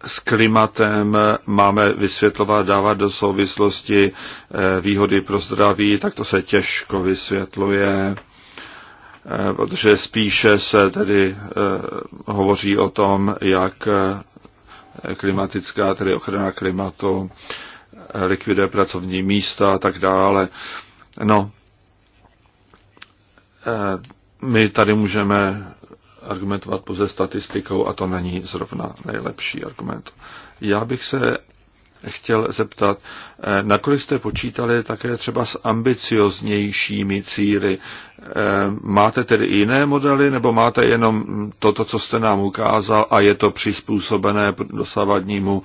Speaker 1: s klimatem máme vysvětlovat, dávat do souvislosti výhody pro zdraví, tak to se těžko vysvětluje, protože spíše se tedy hovoří o tom, jak klimatická, tedy ochrana klimatu, likviduje pracovní místa a tak dále. No, Eh, my tady můžeme argumentovat pouze statistikou a to není zrovna nejlepší argument. Já bych se chtěl zeptat, eh, nakolik jste počítali také třeba s ambicioznějšími cíly. Eh, máte tedy jiné modely, nebo máte jenom toto, co jste nám ukázal a je to přizpůsobené dosavadnímu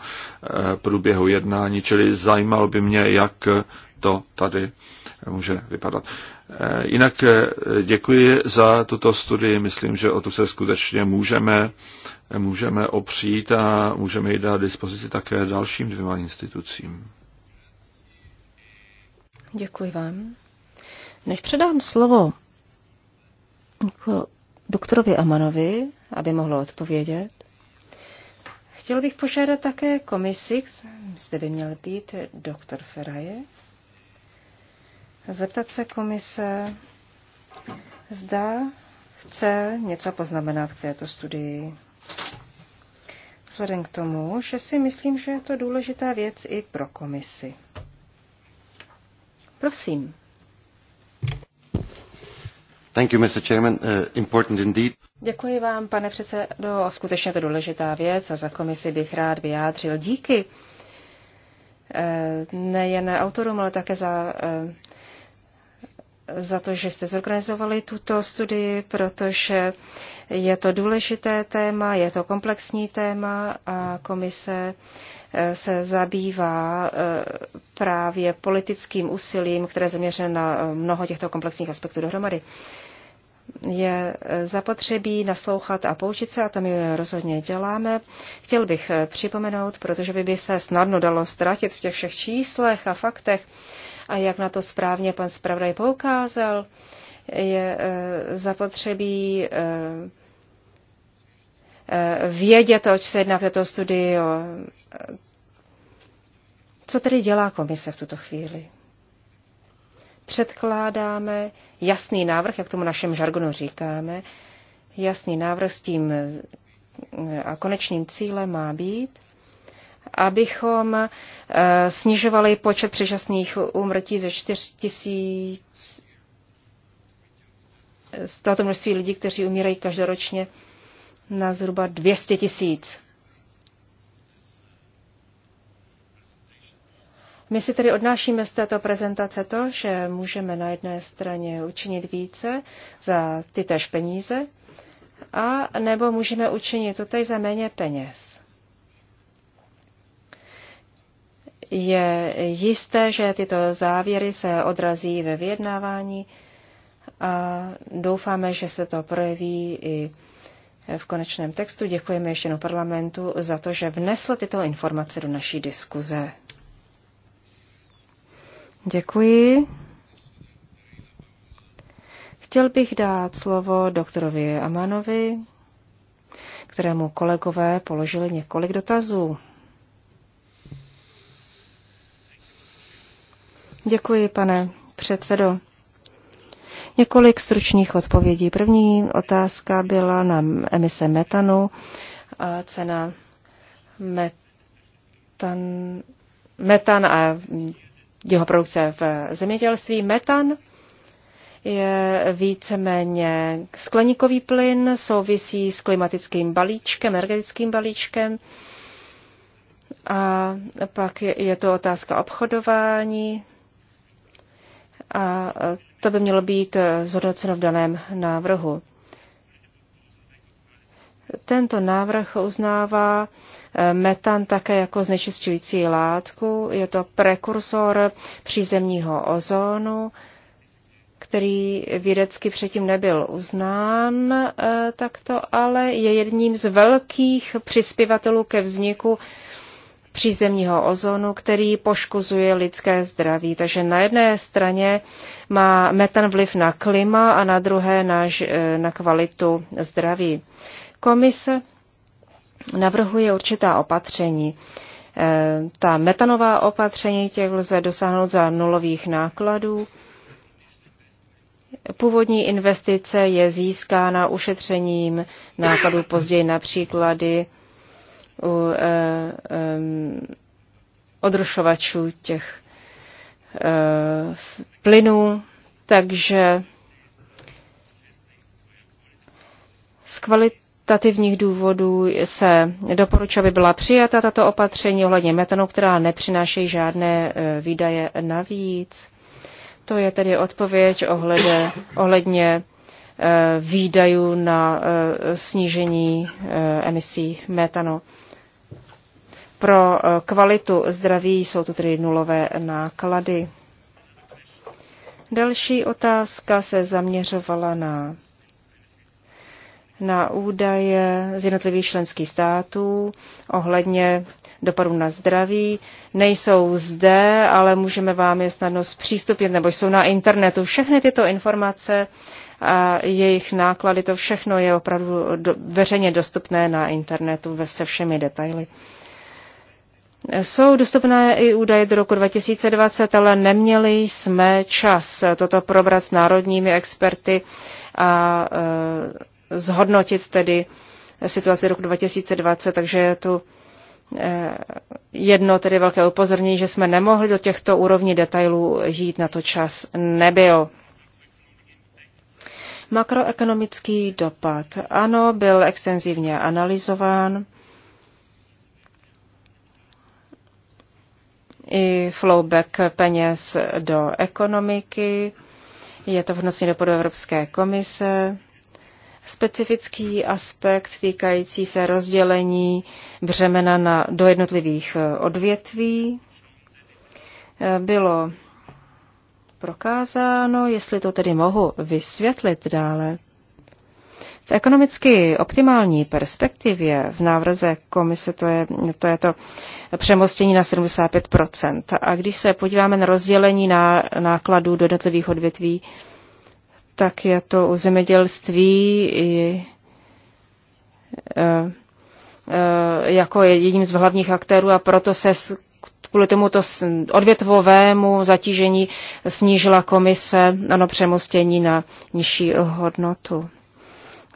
Speaker 1: průběhu jednání? Čili zajímalo by mě, jak to tady může vypadat. Eh, jinak eh, děkuji za tuto studii. Myslím, že o to se skutečně můžeme, můžeme opřít a můžeme ji dát dispozici také dalším dvěma institucím.
Speaker 2: Děkuji vám. Než předám slovo doktorovi Amanovi, aby mohlo odpovědět, chtěl bych požádat také komisi, zde by měl být doktor Feraje, zeptat se komise, zda chce něco poznamenat k této studii. Vzhledem k tomu, že si myslím, že je to důležitá věc i pro komisi. Prosím.
Speaker 3: Thank you, Mr. Chairman. Uh, important indeed.
Speaker 2: Děkuji vám, pane předsedo. Skutečně to důležitá věc a za komisi bych rád vyjádřil díky eh, nejen autorům, ale také za eh, za to, že jste zorganizovali tuto studii, protože je to důležité téma, je to komplexní téma a komise eh, se zabývá eh, právě politickým úsilím, které je na eh, mnoho těchto komplexních aspektů dohromady. Je zapotřebí naslouchat a poučit se, a to my rozhodně děláme. Chtěl bych připomenout, protože by, by se snadno dalo ztratit v těch všech číslech a faktech, a jak na to správně pan zpravodaj poukázal, je e, zapotřebí e, e, vědět, oč se jedná v této studii. Co tedy dělá komise v tuto chvíli? Předkládáme jasný návrh, jak tomu našem žargonu říkáme, jasný návrh s tím a konečným cílem má být abychom eh, snižovali počet předčasných úmrtí ze 4 tisíc z tohoto množství lidí, kteří umírají každoročně na zhruba 200 tisíc. My si tedy odnášíme z této prezentace to, že můžeme na jedné straně učinit více za ty tež peníze, a nebo můžeme učinit to tady za méně peněz. Je jisté, že tyto závěry se odrazí ve vyjednávání a doufáme, že se to projeví i v konečném textu. Děkujeme ještě jednou parlamentu za to, že vnesl tyto informace do naší diskuze. Děkuji. Chtěl bych dát slovo doktorovi Amanovi, kterému kolegové položili několik dotazů. Děkuji, pane předsedo. Několik stručných odpovědí. První otázka byla na emise metanu. A cena metan, metan a jeho produkce v zemědělství. Metan je víceméně skleníkový plyn, souvisí s klimatickým balíčkem, energetickým balíčkem. A pak je to otázka obchodování a to by mělo být zhodnoceno v daném návrhu. Tento návrh uznává eh, metan také jako znečistující látku. Je to prekursor přízemního ozónu, který vědecky předtím nebyl uznán eh, takto, ale je jedním z velkých přispěvatelů ke vzniku přízemního ozonu, který poškozuje lidské zdraví. Takže na jedné straně má metan vliv na klima a na druhé na, e, na kvalitu zdraví. Komise navrhuje určitá opatření. E, ta metanová opatření těch lze dosáhnout za nulových nákladů. Původní investice je získána ušetřením nákladů později na příklady u eh, eh, odrušovačů těch eh, plynů, takže z kvalitativních důvodů se doporučuje, aby byla přijata tato opatření ohledně metanu, která nepřinášejí žádné výdaje navíc. To je tedy odpověď ohledě, ohledně výdajů na snížení emisí metanu. Pro eh, kvalitu zdraví jsou to tedy nulové náklady. Další otázka se zaměřovala na, na údaje z jednotlivých členských států ohledně dopadu na zdraví. Nejsou zde, ale můžeme vám je snadno zpřístupnit, nebo jsou na internetu. Všechny tyto informace a jejich náklady, to všechno je opravdu do, veřejně dostupné na internetu ve se všemi detaily. Jsou dostupné i údaje do roku 2020, ale neměli jsme čas toto probrat s národními experty a e, zhodnotit tedy situaci roku 2020, takže je tu e, jedno tedy velké upozornění, že jsme nemohli do těchto úrovní detailů jít, na to čas nebyl. Makroekonomický dopad. Ano, byl extenzivně analyzován i flowback peněz do ekonomiky. Je to vnosný dopad Evropské komise. Specifický aspekt týkající se rozdělení břemena na, do jednotlivých eh, odvětví eh, bylo prokázáno, jestli to tedy mohu vysvětlit dále. V ekonomicky optimální perspektivě v návrze komise to je to, je to přemostění na 75 A když se podíváme na rozdělení na nákladů do jednotlivých odvětví, tak je to u zemědělství i, e, e, jako jedním z hlavních aktérů a proto se kvůli tomuto odvětvovému zatížení snížila komise ano, přemostění na nižší hodnotu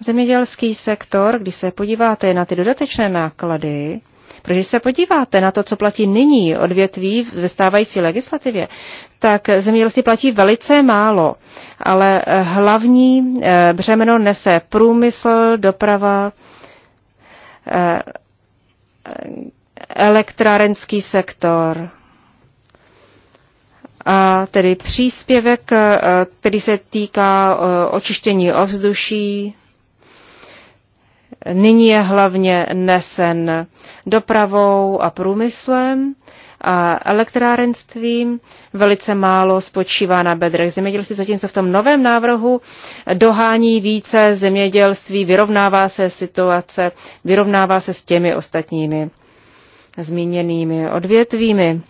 Speaker 2: zemědělský sektor, když se podíváte na ty dodatečné náklady, protože se podíváte na to, co platí nyní odvětví ve stávající legislativě, tak zemědělství platí velice málo, ale hlavní eh, břemeno nese průmysl, doprava, eh, elektrárenský sektor a tedy příspěvek, eh, který se týká očištění ovzduší, nyní je hlavně nesen dopravou a průmyslem a elektrárenstvím. Velice málo spočívá na bedrech zemědělství, zatímco v tom novém návrhu dohání více zemědělství, vyrovnává se situace, vyrovnává se s těmi ostatními zmíněnými odvětvími.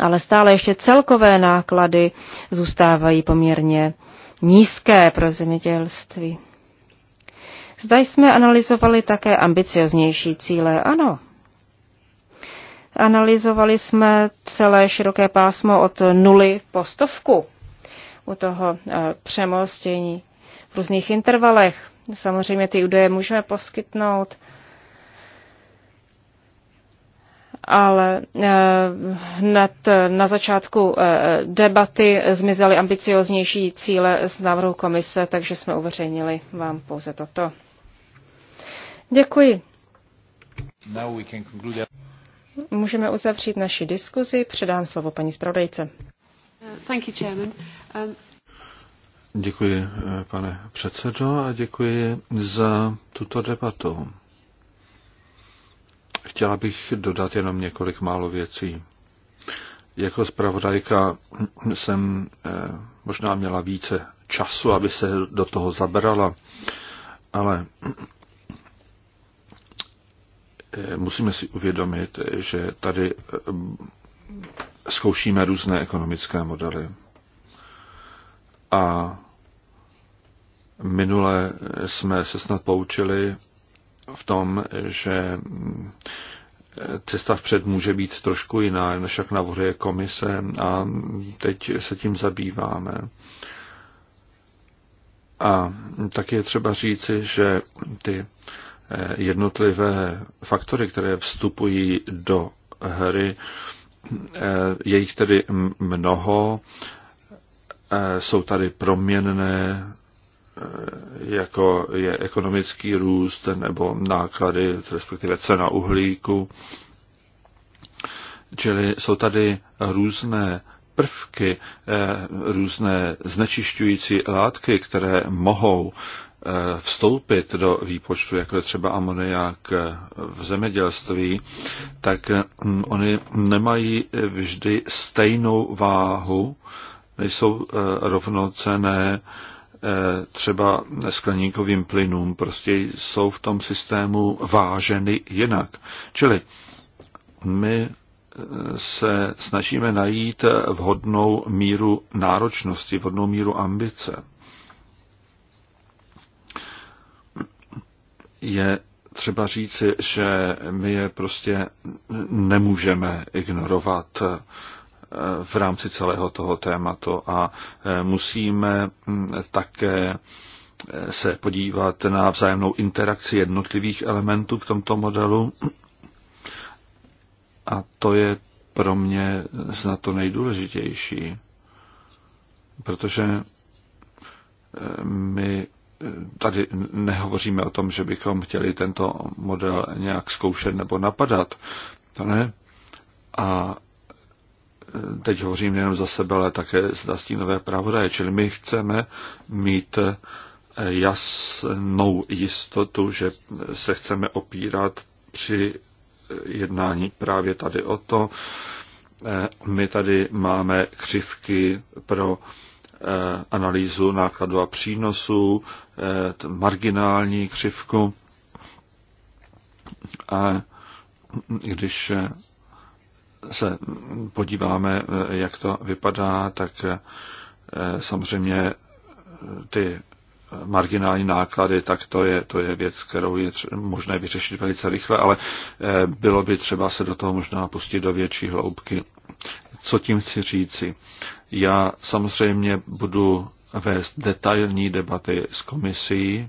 Speaker 2: Ale stále ještě celkové náklady zůstávají poměrně nízké pro zemědělství. Zda jsme analyzovali také ambicioznější cíle? Ano. Analyzovali jsme celé široké pásmo od nuly po stovku u toho eh, přemostění v různých intervalech. Samozřejmě ty údaje můžeme poskytnout, ale eh, hned na začátku eh, debaty zmizely ambicioznější cíle z návrhu komise, takže jsme uveřejnili vám pouze toto. Děkuji. Můžeme uzavřít naši diskuzi. Předám slovo paní zpravodajce. Um,
Speaker 1: děkuji, eh, pane předsedo, a děkuji za tuto debatu. Chtěla bych dodat jenom několik málo věcí. Jako zpravodajka jsem eh, možná měla více času, aby se do toho zabrala, ale Eh, musíme si uvědomit, že tady eh, zkoušíme různé ekonomické modely. A minule jsme se snad poučili v tom, že eh, cesta vpřed může být trošku jiná, než jak navrhuje komise a teď se tím zabýváme. A tak je třeba říci, že ty Eh, jednotlivé faktory, které vstupují do hry, eh, je jich tedy mnoho, eh, jsou tady proměnné, jako je ekonomický růst nebo náklady, respektive cena uhlíku. Čili jsou tady různé prvky, různé znečišťující látky, které mohou Eh, vstoupit do výpočtu, jako je třeba amoniak eh, v zemědělství, tak hm, oni nemají vždy stejnou váhu, nejsou eh, rovnocené třeba skleníkovým plynům, prostě jsou v tom systému váženy jinak. Čili my se snažíme najít vhodnou míru náročnosti, vhodnou míru ambice. je třeba říci, že my je prostě nemůžeme ignorovat eh, v rámci celého toho tématu a eh, musíme hm, také eh, se podívat na vzájemnou interakci jednotlivých elementů v tomto modelu. A to je pro mě snad to nejdůležitější, protože my tady nehovoříme o tom, že bychom chtěli tento model nějak zkoušet nebo napadat. To ne. A e, teď hovořím jenom za sebe, ale také za nové pravodaje. Čili my chceme mít e, jasnou jistotu, že se chceme opírat při jednání právě tady o to. E, my tady máme křivky pro Eh, analýzu nákladu a přínosu, eh, marginální křivku. A když eh, se podíváme, jak to vypadá, tak samozřejmě ty marginální náklady, tak to je, to je věc, kterou je tře- možné vyřešit velice rychle, ale bylo by třeba se do toho možná pustit do větší hloubky. Co tím chci říci? Já samozřejmě budu vést detailní debaty s komisí.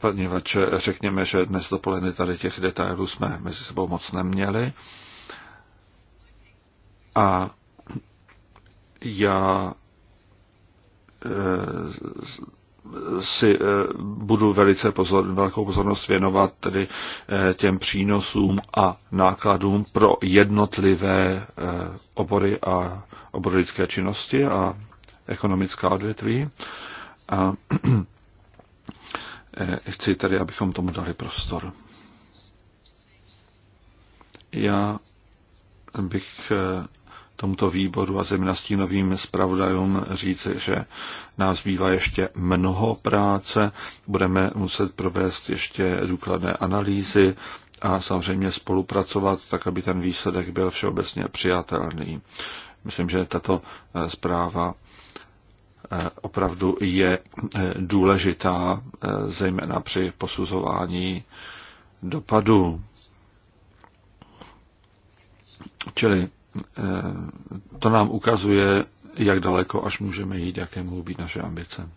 Speaker 1: Poněvadž řekněme, že dnes dopoledne tady těch detailů jsme mezi sebou moc neměli. A já eh, si eh, budu velice pozor, velkou pozornost věnovat tedy eh, těm přínosům a nákladům pro jednotlivé eh, obory a obory lidské činnosti a ekonomická odvětví. A chci tedy, abychom tomu dali prostor. Já bych tomuto výboru a zejména stínovým zpravodajům říci, že nás bývá ještě mnoho práce, budeme muset provést ještě důkladné analýzy a samozřejmě spolupracovat tak, aby ten výsledek byl všeobecně přijatelný. Myslím, že tato eh, zpráva eh, opravdu je eh, důležitá, zejména při posuzování dopadů. Čili Eh, to nám ukazuje, jak daleko až můžeme jít, jaké mohou být naše ambice.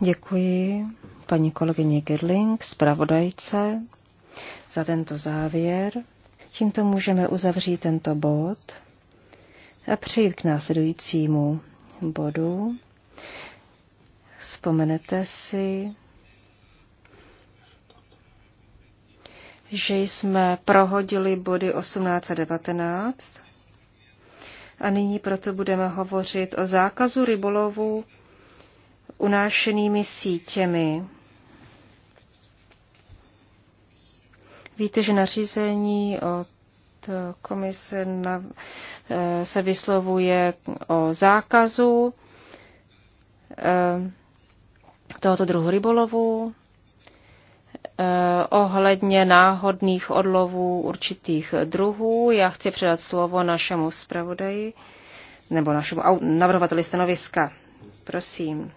Speaker 2: Děkuji paní kolegyně Gerling, zpravodajce, za tento závěr. Tímto můžeme uzavřít tento bod a přejít k následujícímu bodu. Vzpomenete si, že jsme prohodili body 18 a 19. A nyní proto budeme hovořit o zákazu rybolovu unášenými sítěmi. Víte, že nařízení od komise na, eh, se vyslovuje o zákazu eh, tohoto druhu rybolovu Eh, ohledně náhodných odlovů určitých druhů. Já chci předat slovo našemu zpravodaji nebo našemu navrhovateli stanoviska. Prosím.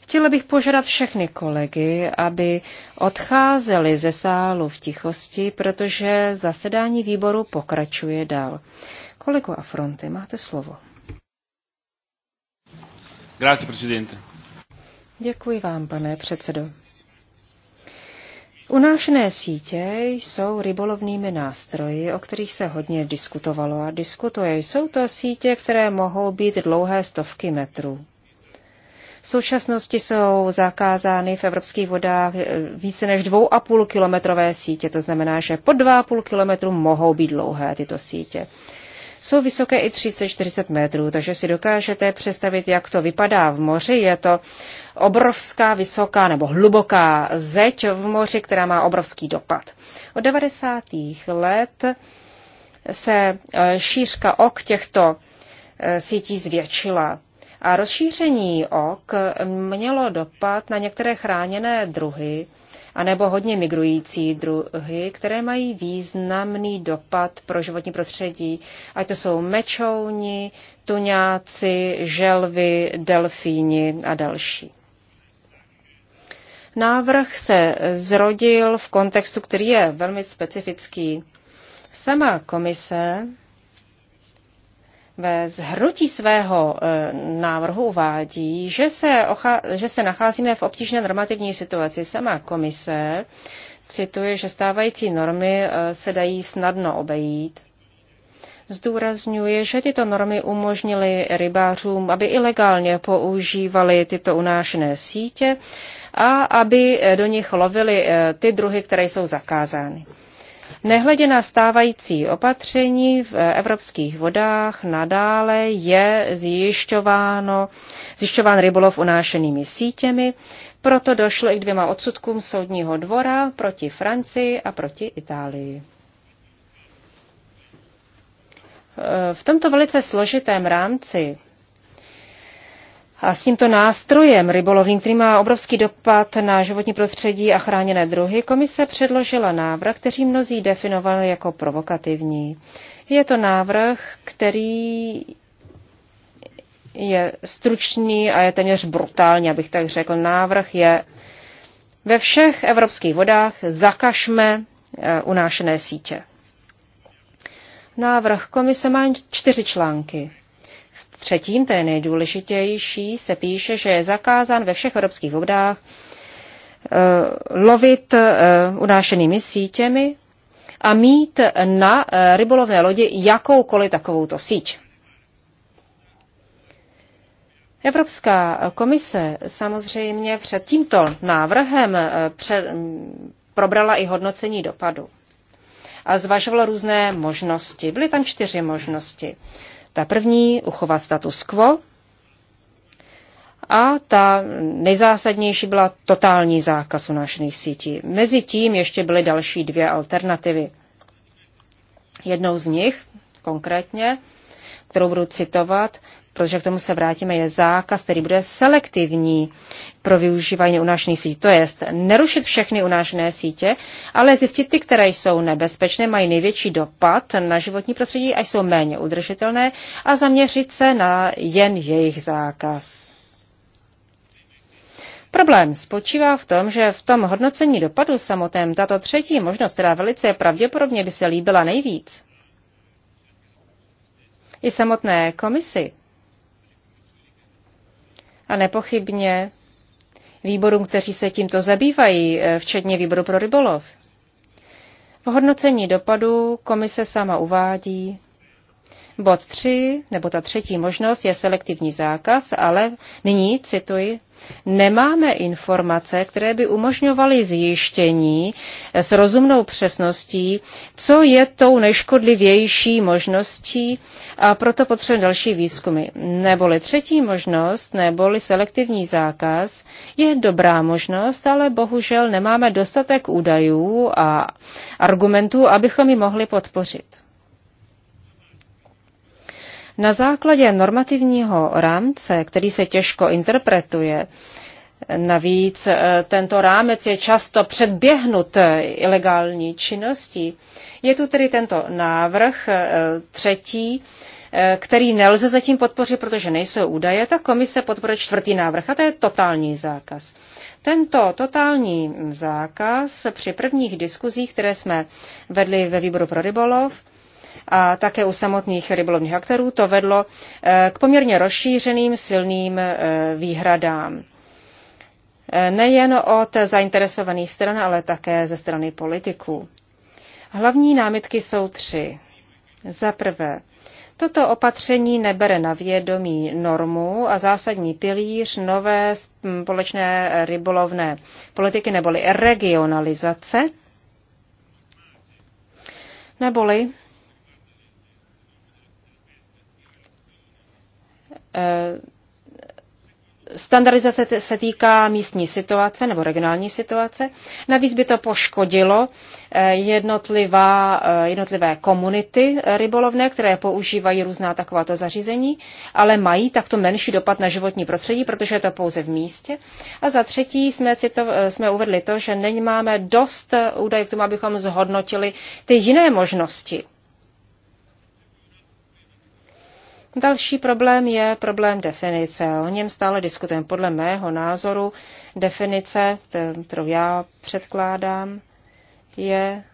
Speaker 2: Chtěla bych požádat všechny kolegy, aby odcházeli ze sálu v tichosti, protože zasedání výboru pokračuje dál. Kolego Afronte, máte slovo.
Speaker 1: Grazie, presidente.
Speaker 2: Děkuji vám, pane předsedo. Unášené sítě jsou rybolovnými nástroji, o kterých se hodně diskutovalo a diskutuje. Jsou to sítě, které mohou být dlouhé stovky metrů. V současnosti jsou zakázány v evropských vodách eh, více než 2,5 kilometrové sítě, to znamená, že po 2,5 kilometru mohou být dlouhé tyto sítě. Jsou vysoké i 30-40 metrů, takže si dokážete představit, jak to vypadá v moři. Je to obrovská, vysoká nebo hluboká zeď v moři, která má obrovský dopad. Od 90. let se e, šířka ok těchto e, sítí zvětšila. A rozšíření ok mělo dopad na některé chráněné druhy, anebo hodně migrující druhy, které mají významný dopad pro životní prostředí, ať to jsou mečouni, tuňáci, želvy, delfíni a další. Návrh se zrodil v kontextu, který je velmi specifický. Sama komise ve zhrnutí svého e, návrhu uvádí, že se, že se nacházíme v obtížné normativní situaci. Sama komise cituje, že stávající normy e, se dají snadno obejít. Zdůrazňuje, že tyto normy umožnily rybářům, aby ilegálně používali tyto unášené sítě a aby do nich lovili e, ty druhy, které jsou zakázány. Nehledě na stávající opatření v evropských vodách nadále je zjišťováno, zjišťován rybolov unášenými sítěmi, proto došlo i k dvěma odsudkům soudního dvora proti Francii a proti Itálii. V tomto velice složitém rámci a s tímto nástrojem rybolovným, který má obrovský dopad na životní prostředí a chráněné druhy, komise předložila návrh, který mnozí definovali jako provokativní. Je to návrh, který je stručný a je téměř brutální, abych tak řekl. Návrh je ve všech evropských vodách zakažme eh, unášené sítě. Návrh komise má čtyři články třetím, ten je nejdůležitější, se píše, že je zakázán ve všech evropských vodách eh, lovit eh, unášenými sítěmi a mít na eh, rybolovné lodi jakoukoliv takovouto síť. Evropská komise samozřejmě před tímto návrhem před, probrala i hodnocení dopadu a zvažovala různé možnosti. Byly tam čtyři možnosti. Ta první uchovat status quo a ta nejzásadnější byla totální zákaz unášených sítí. Mezi tím ještě byly další dvě alternativy. Jednou z nich konkrétně, kterou budu citovat, protože k tomu se vrátíme, je zákaz, který bude selektivní pro využívání unášených sítí. To je nerušit všechny unášené sítě, ale zjistit ty, které jsou nebezpečné, mají největší dopad na životní prostředí a jsou méně udržitelné a zaměřit se na jen jejich zákaz. Problém spočívá v tom, že v tom hodnocení dopadu samotném tato třetí možnost, která velice pravděpodobně by se líbila nejvíc, i samotné komisi, a nepochybně výborům, kteří se tímto zabývají, eh, včetně výboru pro rybolov. V hodnocení dopadu komise sama uvádí, bod 3, nebo ta třetí možnost je selektivní zákaz, ale nyní, cituji, nemáme informace, které by umožňovaly zjištění s rozumnou přesností, co je tou nejškodlivější možností a proto potřebujeme další výzkumy. Neboli třetí možnost, neboli selektivní zákaz, je dobrá možnost, ale bohužel nemáme dostatek údajů a argumentů, abychom ji mohli podpořit. Na základě normativního rámce, který se těžko interpretuje, navíc eh, tento rámec je často předběhnut eh, ilegální činností, je tu tedy tento návrh eh, třetí, který nelze zatím podpořit, protože nejsou údaje, tak komise podporuje čtvrtý návrh a to je totální zákaz. Tento totální zákaz při prvních diskuzích, které jsme vedli ve výboru pro rybolov, a také u samotných rybolovních aktérů, to vedlo eh, k poměrně rozšířeným silným eh, výhradám. Eh, nejen od zainteresovaných stran, ale také ze strany politiků. Hlavní námitky jsou tři. Za prvé, toto opatření nebere na vědomí normu a zásadní pilíř nové společné rybolovné politiky neboli regionalizace, neboli Eh, standardizace se týká místní situace nebo regionální situace. Navíc by to poškodilo eh, jednotlivá, eh, jednotlivé komunity rybolovné, které používají různá takováto zařízení, ale mají takto menší dopad na životní prostředí, protože je to pouze v místě. A za třetí jsme, cito, jsme uvedli to, že nemáme dost údajů k tomu, abychom zhodnotili ty jiné možnosti Další problém je problém definice. O něm stále diskutujeme. Podle mého názoru definice, kterou já předkládám, je,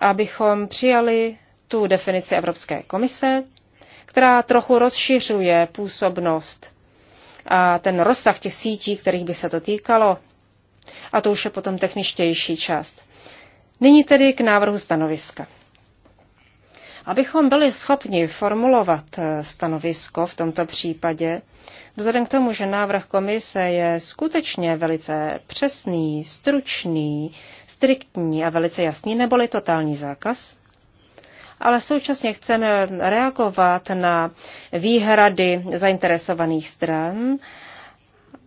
Speaker 2: abychom přijali tu definici Evropské komise, která trochu rozšiřuje působnost a ten rozsah těch sítí, kterých by se to týkalo. A to už je potom techničtější část. Nyní tedy k návrhu stanoviska. Abychom byli schopni formulovat eh, stanovisko v tomto případě, vzhledem k tomu, že návrh komise je skutečně velice přesný, stručný, striktní a velice jasný, neboli totální zákaz, ale současně chceme reagovat na výhrady zainteresovaných stran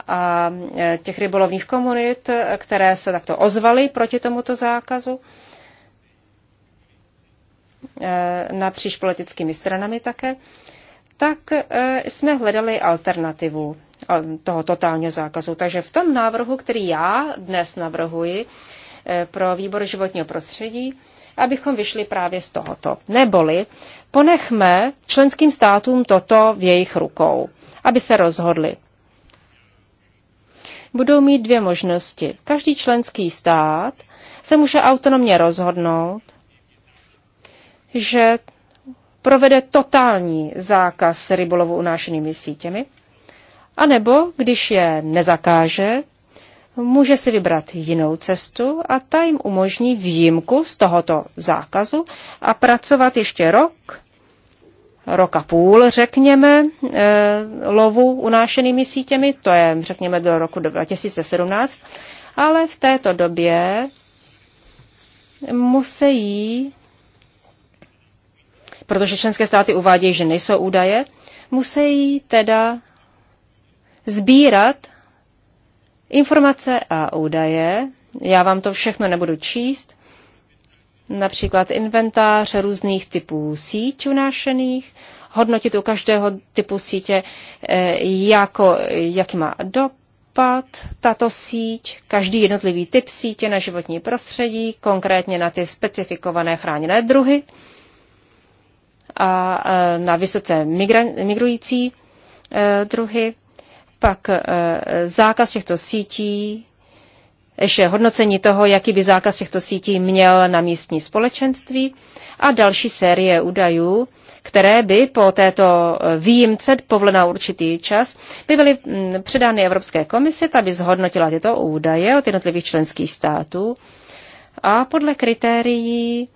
Speaker 2: a eh, těch rybolovních komunit, eh, které se takto ozvaly proti tomuto zákazu. Eh, napříč politickými stranami také, tak eh, jsme hledali alternativu toho totálního zákazu. Takže v tom návrhu, který já dnes navrhuji eh, pro výbor životního prostředí, abychom vyšli právě z tohoto. Neboli ponechme členským státům toto v jejich rukou, aby se rozhodli. Budou mít dvě možnosti. Každý členský stát se může autonomně rozhodnout, že provede totální zákaz rybolovu unášenými sítěmi, anebo když je nezakáže, může si vybrat jinou cestu a ta jim umožní výjimku z tohoto zákazu a pracovat ještě rok, rok a půl, řekněme, eh, lovu unášenými sítěmi, to je, řekněme, do roku 2017, ale v této době musí protože členské státy uvádějí, že nejsou údaje, musí teda sbírat informace a údaje. Já vám to všechno nebudu číst. Například inventář různých typů síť unášených, hodnotit u každého typu sítě, eh, jako, jaký má dopad tato síť, každý jednotlivý typ sítě na životní prostředí, konkrétně na ty specifikované chráněné druhy a na vysoce migrující e, druhy. Pak e, zákaz těchto sítí, ještě hodnocení toho, jaký by zákaz těchto sítí měl na místní společenství a další série údajů, které by po této e, výjimce povolená určitý čas by byly mm, předány Evropské komisi, ta by zhodnotila tyto údaje od jednotlivých členských států a podle kritérií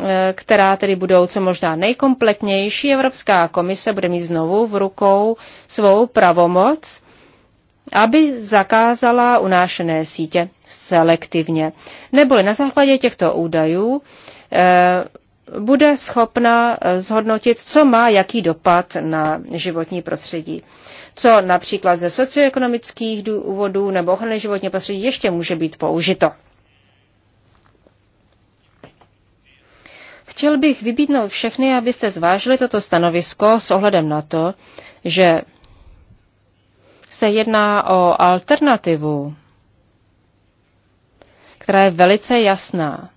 Speaker 2: Eh, která tedy budou co možná nejkompletnější. Evropská komise bude mít znovu v rukou svou pravomoc, aby zakázala unášené sítě selektivně. Neboli na základě těchto údajů eh, bude schopna eh, zhodnotit, co má jaký dopad na životní prostředí. Co například ze socioekonomických důvodů nebo ochrany životního prostředí ještě může být použito. Chtěl bych vybídnout všechny, abyste zvážili toto stanovisko s ohledem na to, že se jedná o alternativu, která je velice jasná.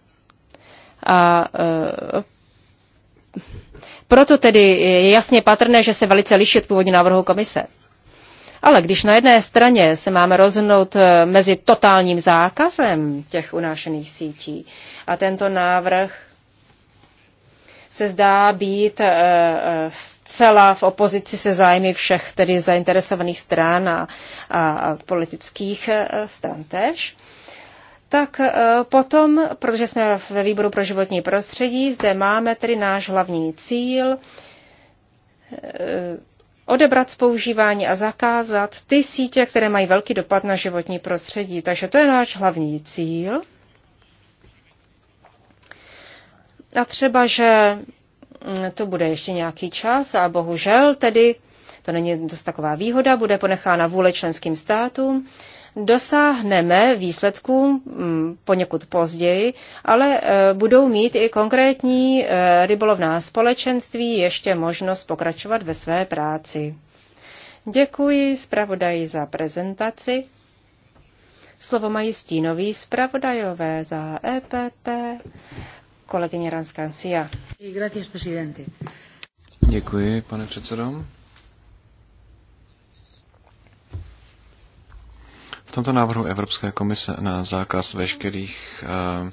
Speaker 2: A e, proto tedy je jasně patrné, že se velice liší od původní návrhu komise. Ale když na jedné straně se máme rozhodnout e, mezi totálním zákazem těch unášených sítí a tento návrh se zdá být eh, eh, zcela v opozici se zájmy všech tedy zainteresovaných stran a, a, politických eh, stran tež. Tak potom, protože jsme ve výboru pro životní prostředí, zde máme tedy náš hlavní cíl odebrat z používání a zakázat ty sítě, které mají velký dopad na životní prostředí. Takže to je náš hlavní cíl. A třeba, že mm, to bude ještě nějaký čas a bohužel tedy, to není dost taková výhoda, bude ponechána vůle členským státům, dosáhneme výsledků mm, poněkud později, ale e, budou mít i konkrétní e, rybolovná společenství ještě možnost pokračovat ve své práci. Děkuji zpravodaji za prezentaci. Slovo mají stínoví zpravodajové za EPP kolegyně Ranskansia.
Speaker 3: Děkuji, pane předsedo. V tomto návrhu Evropské komise na zákaz veškerých uh,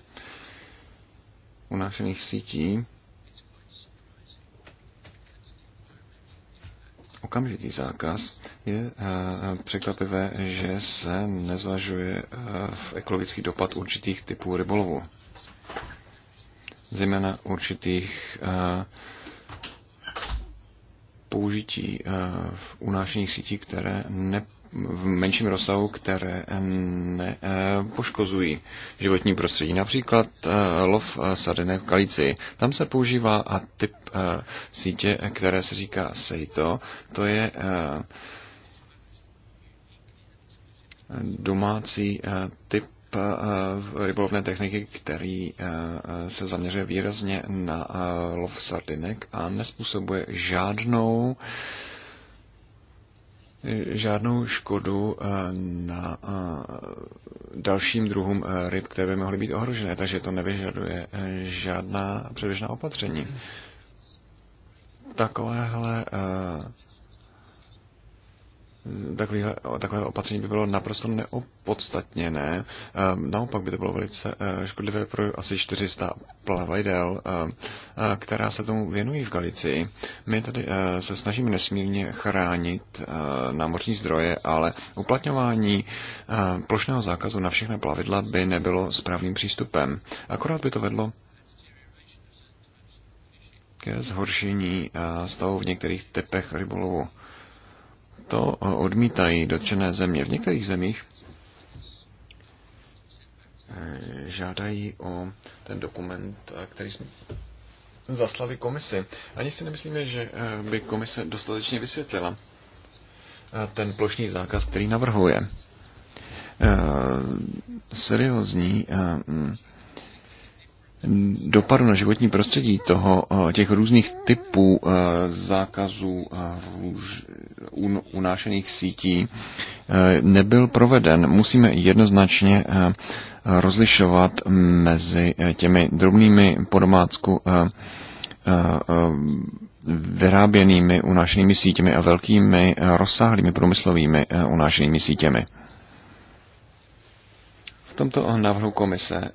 Speaker 3: unášených sítí okamžitý zákaz, je eh, překvapivé, že se nezvažuje eh, v ekologický dopad určitých typů rybolovu zejména určitých eh, použití eh, v unášených sítí, které ne, v menším rozsahu, které ne, eh, poškozují životní prostředí. Například lov sardine v Kalici. Tam se používá a typ sítě, které se říká Seito. To je domácí typ E, rybolovné techniky, který e, se zaměřuje výrazně na e, lov sardinek a nespůsobuje žádnou žádnou škodu na dalším druhům ryb, které by mohly být ohrožené, takže to nevyžaduje žádná předběžná opatření. Takovéhle takové opatření by bylo naprosto neopodstatněné. Ehm, naopak by to bylo velice eh, škodlivé pro asi 400 plavidel, eh, eh, která se tomu věnují v Galicii. My tady se snažíme nesmírně chránit námořní zdroje, ale uplatňování plošného zákazu na všechna plavidla by nebylo správným přístupem. Akorát by to vedlo ke zhoršení stavu v některých typech rybolovu. To odmítají dotčené země. V některých zemích eh, žádají o ten dokument, eh, který jsme zaslali komisi. Ani si nemyslíme, že eh, by komise dostatečně vysvětlila ten plošný zákaz, který navrhuje. Seriózní mm, dopadu na životní prostředí toho, eh, těch různých typů eh, zákazů eh, unášených sítí nebyl proveden. Musíme jednoznačně rozlišovat mezi těmi drobnými podomácku vyráběnými unášenými sítěmi a velkými rozsáhlými průmyslovými unášenými sítěmi. V tomto návrhu komise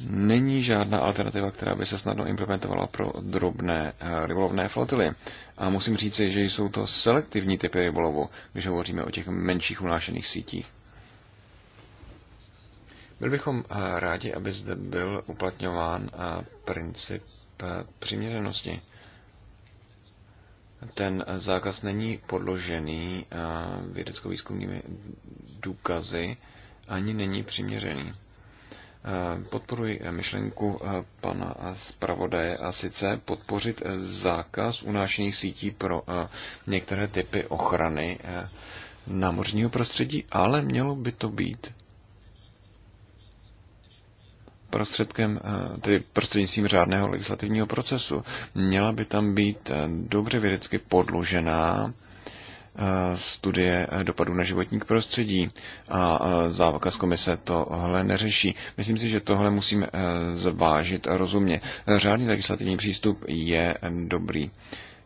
Speaker 3: není žádná alternativa, která by se snadno implementovala pro drobné eh, rybolovné flotily. A musím říci, že jsou to selektivní typy rybolovu, když hovoříme o těch menších unášených sítích. Byl bychom eh, rádi, aby zde byl uplatňován eh, princip přiměřenosti. Ten zákaz není podložený vědecko-výzkumnými důkazy, ani není přiměřený. Eh, podporuji eh, myšlenku eh, pana zpravodaje a sice podpořit zákaz unášených sítí pro některé typy ochrany námořního prostředí, ale mělo by to být prostředkem, tedy prostřednictvím řádného legislativního procesu. Měla by tam být dobře vědecky podložená Eh, studie eh, dopadů na životní prostředí a eh, zákaz komise tohle neřeší. Myslím si, že tohle musíme zvážit rozumně. Řádný legislativní přístup je dobrý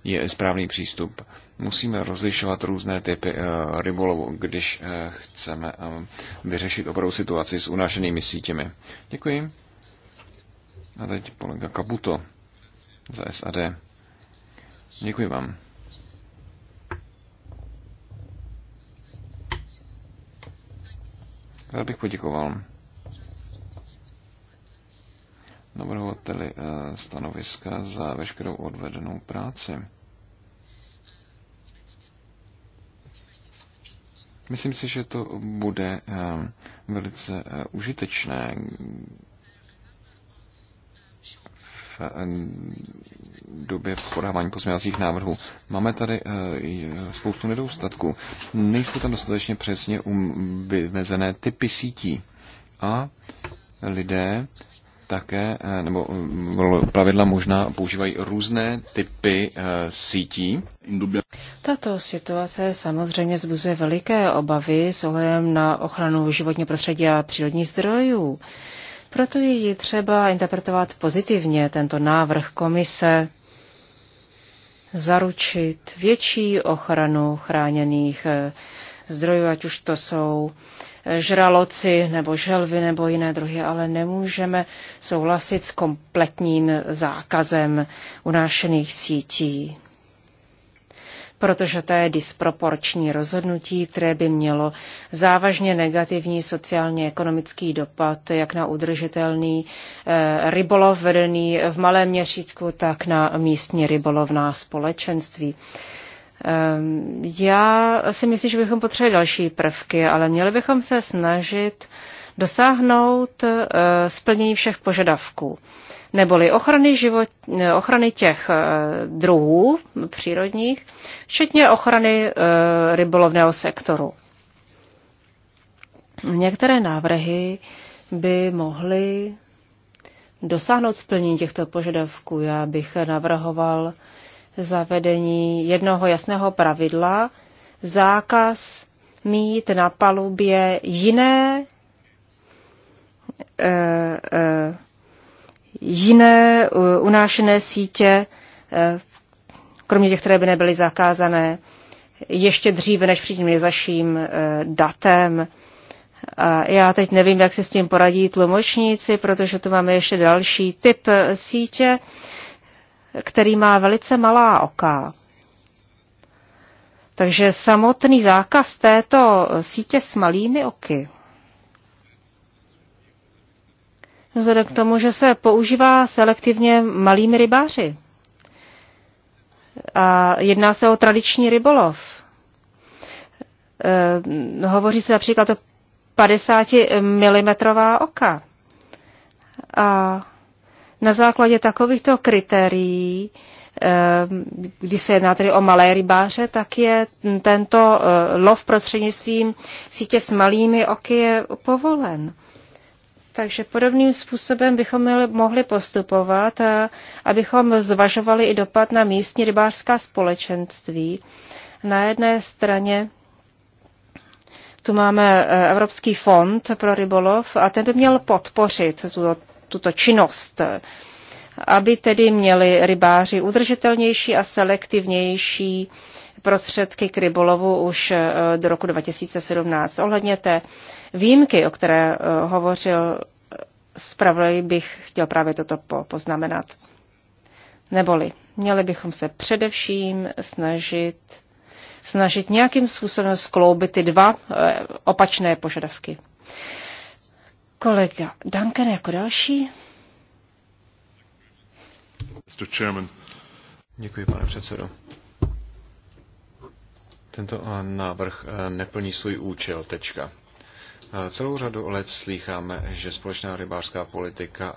Speaker 3: je správný přístup. Musíme rozlišovat různé typy rybolovu, když chceme vyřešit opravdu situaci s unášenými sítěmi. Děkuji. A teď kolega Kabuto za SAD. Děkuji vám. Rád bych poděkoval navrhovateli eh, stanoviska za veškerou odvedenou práci. Myslím si, že to bude eh, velice eh, užitečné, Eh, době podávání pozměňovacích návrhů. Máme tady eh, spoustu nedostatků. Nejsou tam dostatečně přesně um, vymezené typy sítí. A lidé také, eh, nebo pravidla možná používají různé typy sítí.
Speaker 2: Tato situace samozřejmě zbuzuje veliké obavy s ohledem na ochranu životního prostředí a přírodních zdrojů. Proto je třeba interpretovat pozitivně tento návrh komise zaručit větší ochranu chráněných eh, zdrojů, ať už to jsou eh, žraloci nebo želvy nebo jiné druhy, ale nemůžeme souhlasit s kompletním zákazem unášených sítí protože to je disproporční rozhodnutí, které by mělo závažně negativní sociálně-ekonomický dopad jak na udržitelný eh, rybolov vedený v malém měřítku, tak na místní rybolovná společenství. Eh, já si myslím, že bychom potřebovali další prvky, ale měli bychom se snažit dosáhnout eh, splnění všech požadavků neboli ochrany, život, eh, ochrany těch eh, druhů přírodních, včetně ochrany eh, rybolovného sektoru. Některé návrhy by mohly dosáhnout splnění těchto požadavků. Já bych navrhoval zavedení jednoho jasného pravidla, zákaz mít na palubě jiné e, e, jiné unášené sítě, eh, kromě těch, které by nebyly zakázané, ještě dříve než před tím nejzaším eh, datem. A já teď nevím, jak se s tím poradí tlumočníci, protože tu máme ještě další typ eh, sítě, který má velice malá oka. Takže samotný zákaz této sítě s malými oky vzhledem k tomu, že se používá selektivně malými rybáři. A jedná se o tradiční rybolov. E, hovoří se například o 50 mm oka. A na základě takovýchto kritérií, eh, kdy se jedná tedy o malé rybáře, tak je tento eh, lov prostřednictvím sítě s malými oky je povolen. Takže podobným způsobem bychom mohli postupovat, abychom zvažovali i dopad na místní rybářská společenství. Na jedné straně tu máme e, Evropský fond pro rybolov a ten by měl podpořit tuto, tuto činnost, aby tedy měli rybáři udržitelnější a selektivnější prostředky k rybolovu už eh, do roku 2017. Ohledně té výjimky, o které eh, hovořil eh, zpravodaj, bych chtěl právě toto poznamenat. Neboli měli bychom se především snažit snažit nějakým způsobem skloubit ty dva opačné požadavky. Kolega Duncan jako další.
Speaker 3: Mr. Chairman. Děkuji, pane předsedo. Tento eh, návrh eh, neplní svůj účel. Tečka. Eh, celou řadu let slýcháme, že společná rybářská politika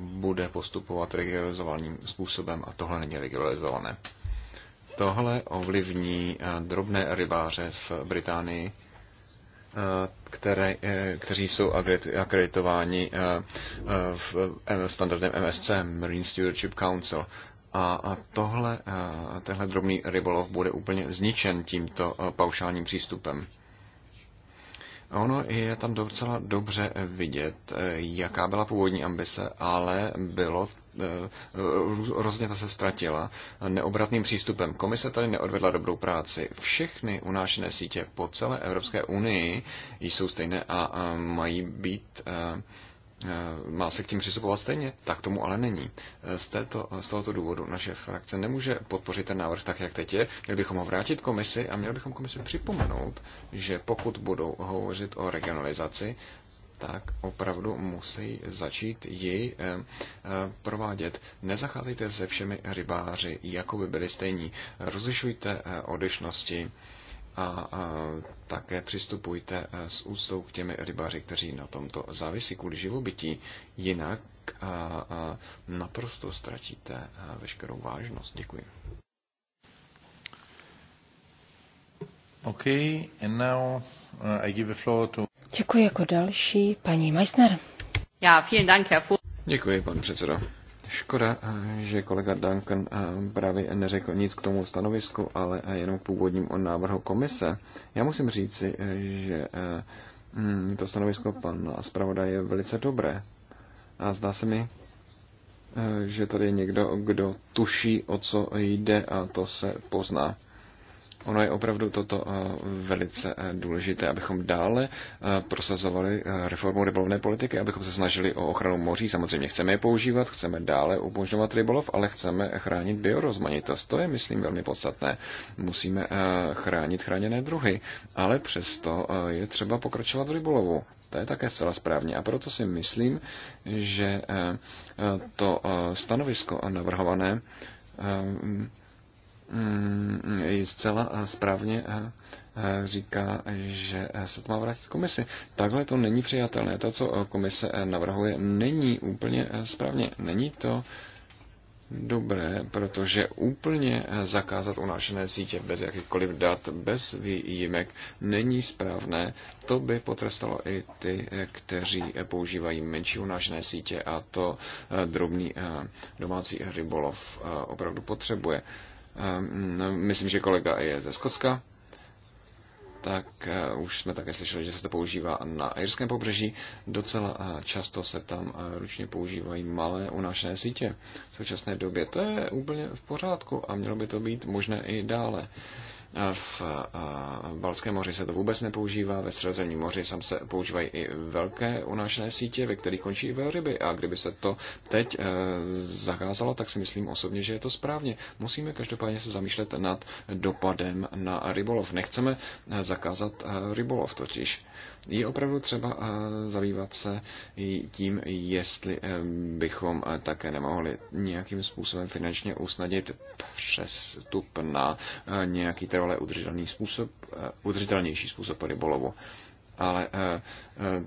Speaker 3: bude postupovat regionalizovaným způsobem a tohle není regionalizované. Tohle ovlivní drobné rybáře v Británii, které, kteří jsou akreditováni v standardem MSC, Marine Stewardship Council. A tohle, tenhle drobný rybolov bude úplně zničen tímto paušálním přístupem. Ono je tam docela dobře vidět, e, jaká byla původní ambice, ale bylo, e, rozhodně ta se ztratila neobratným přístupem. Komise tady neodvedla dobrou práci. Všechny unášené sítě po celé Evropské unii jsou stejné a mají být e, Eh, má se k tím přistupovat stejně? Tak tomu ale není. Eh, z, této, z tohoto důvodu naše frakce nemůže podpořit ten návrh tak, jak teď je. Měli bychom ho vrátit komisi a měli bychom komisi připomenout, že pokud budou hovořit o regionalizaci, tak opravdu musí začít jej eh, provádět. Nezacházejte se všemi rybáři, jako by byli stejní. Rozlišujte odlišnosti a také přistupujte e, s úctou k těmi rybáři, kteří na tomto závisí kvůli živobytí. Jinak naprosto ztratíte e, veškerou vážnost. Děkuji.
Speaker 1: Okay, and now uh, I give the floor to...
Speaker 2: Děkuji jako další paní Meissner.
Speaker 4: Já, vielen Dank, Herr
Speaker 1: Děkuji, pan předseda.
Speaker 3: Škoda, eh, že kolega Duncan eh, právě neřekl nic k tomu stanovisku, ale eh, jenom k původním o návrhu komise. Já musím říci, že mm, to stanovisko pan zpravodaje je velice dobré. A zdá se mi, že tady je někdo, kdo tuší, o co jde a to se pozná. Ono je opravdu toto eh, velice eh, důležité, abychom dále eh, prosazovali reformu rybolovné politiky, abychom se snažili o ochranu moří. Samozřejmě chceme je používat, chceme dále umožňovat rybolov, ale chceme chránit biorozmanitost. To je, myslím, velmi podstatné. Musíme chránit chráněné druhy, ale přesto je třeba pokračovat v rybolovu. To je také zcela správně. A proto si myslím, že to stanovisko navrhované je mm, zcela eh, správně eh, eh, říká, že se to má vrátit komisi. Takhle to není přijatelné. To, co komise navrhuje, není úplně správně. Není to dobré, protože úplně zakázat unášené sítě bez jakýchkoliv dat, bez výjimek, není správné. To by potrestalo i ty, kteří používají menší unášené sítě a to drobný domácí rybolov opravdu potřebuje. Ehm, myslím, že kolega je ze Skotska, tak eh, už jsme také slyšeli, že se to používá na irském pobřeží. Docela eh, často se tam eh, ručně používají malé unášené sítě v současné době. To je úplně v pořádku a mělo by to být možné i dále. Uh, v eh, Balském moři se to vůbec nepoužívá, ve Středozemním moři sam se používají i velké unášené sítě, ve kterých končí i velryby. A kdyby se to teď eh, zakázalo, tak si myslím osobně, že je to správně. Musíme každopádně se zamýšlet nad dopadem na rybolov. Nechceme eh, zakázat rybolov totiž. Je opravdu třeba eh, zabývat se tím, jestli eh, bychom eh, také nemohli nějakým způsobem finančně usnadnit přestup na nějaký trvalé udržitelný způsob, udržitelnější způsob rybolovu ale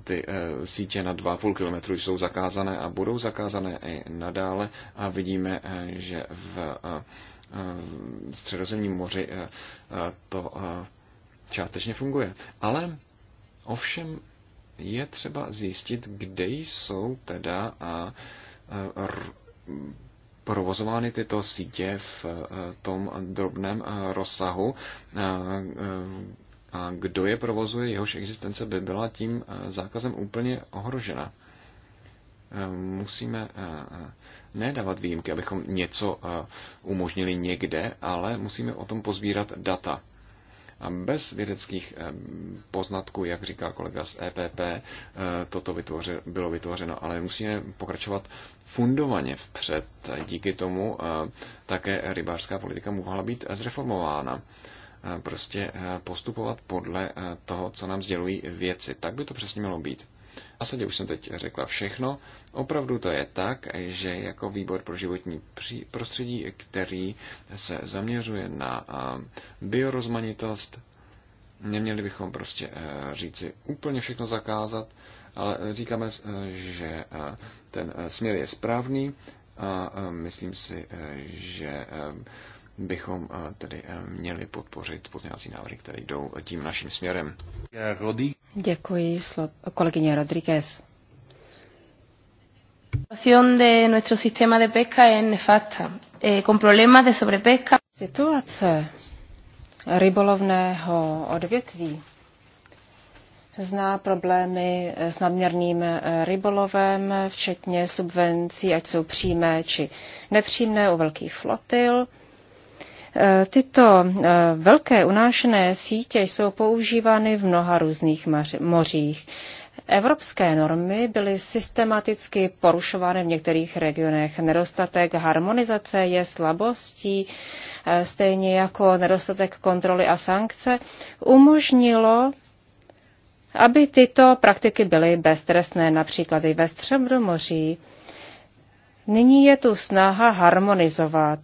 Speaker 3: ty sítě na 2,5 km jsou zakázané a budou zakázané i nadále a vidíme, že v středozemním moři to částečně funguje. Ale Ovšem je třeba zjistit, kde jsou teda a provozovány tyto sítě v tom drobném rozsahu a kdo je provozuje, jehož existence by byla tím zákazem úplně ohrožena. Musíme nedávat výjimky, abychom něco umožnili někde, ale musíme o tom pozbírat data. A bez vědeckých poznatků, jak říká kolega z EPP, eh, toto vytvoře, bylo vytvořeno, ale musíme pokračovat fundovaně vpřed. Díky tomu eh, také rybářská politika mohla být zreformována eh, prostě postupovat podle toho, co nám sdělují věci. Tak by to přesně mělo být zásadě už jsem teď řekla všechno. Opravdu to je tak, že jako výbor pro životní prostředí, který se zaměřuje na biorozmanitost, neměli bychom prostě e, říci úplně všechno zakázat, ale říkáme, e, že e, ten směr je správný a myslím si, že bychom eh, tedy eh, měli podpořit pozměňovací návrhy, které jdou tím naším směrem.
Speaker 2: Děkuji, slo- kolegyně Rodríguez. Eh, Situace rybolovného odvětví zná problémy s nadměrným rybolovem, včetně subvencí, ať jsou přímé či nepřímé u velkých flotil. Eh, tyto eh, velké unášené sítě jsou používány v mnoha různých mořích. Evropské normy byly systematicky porušovány v některých regionech. Nedostatek harmonizace je slabostí, eh, stejně jako nedostatek kontroly a sankce umožnilo aby tyto praktiky byly beztrestné, například i ve Středomoří. Nyní je tu snaha harmonizovat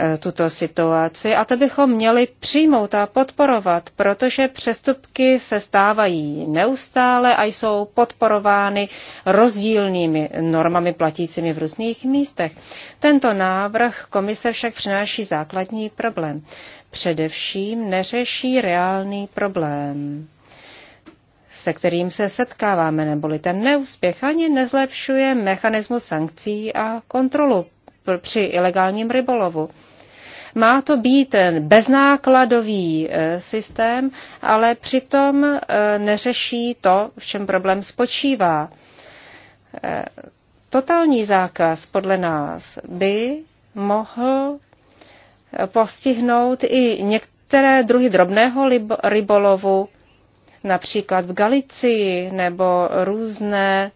Speaker 2: Eh, tuto situaci a to bychom měli přijmout a podporovat, protože přestupky se stávají neustále a jsou podporovány rozdílnými normami platícími v různých místech. Tento návrh komise však přináší základní problém. Především neřeší reálný problém se kterým se setkáváme, neboli ten neúspěch ani nezlepšuje mechanismus sankcí a kontrolu při ilegálním rybolovu. Má to být ten eh, beznákladový eh, systém, ale přitom eh, neřeší to, v čem problém spočívá. Totální zákaz podle nás by mohl postihnout i některé druhy drobného rybolovu, například v Galicii nebo různé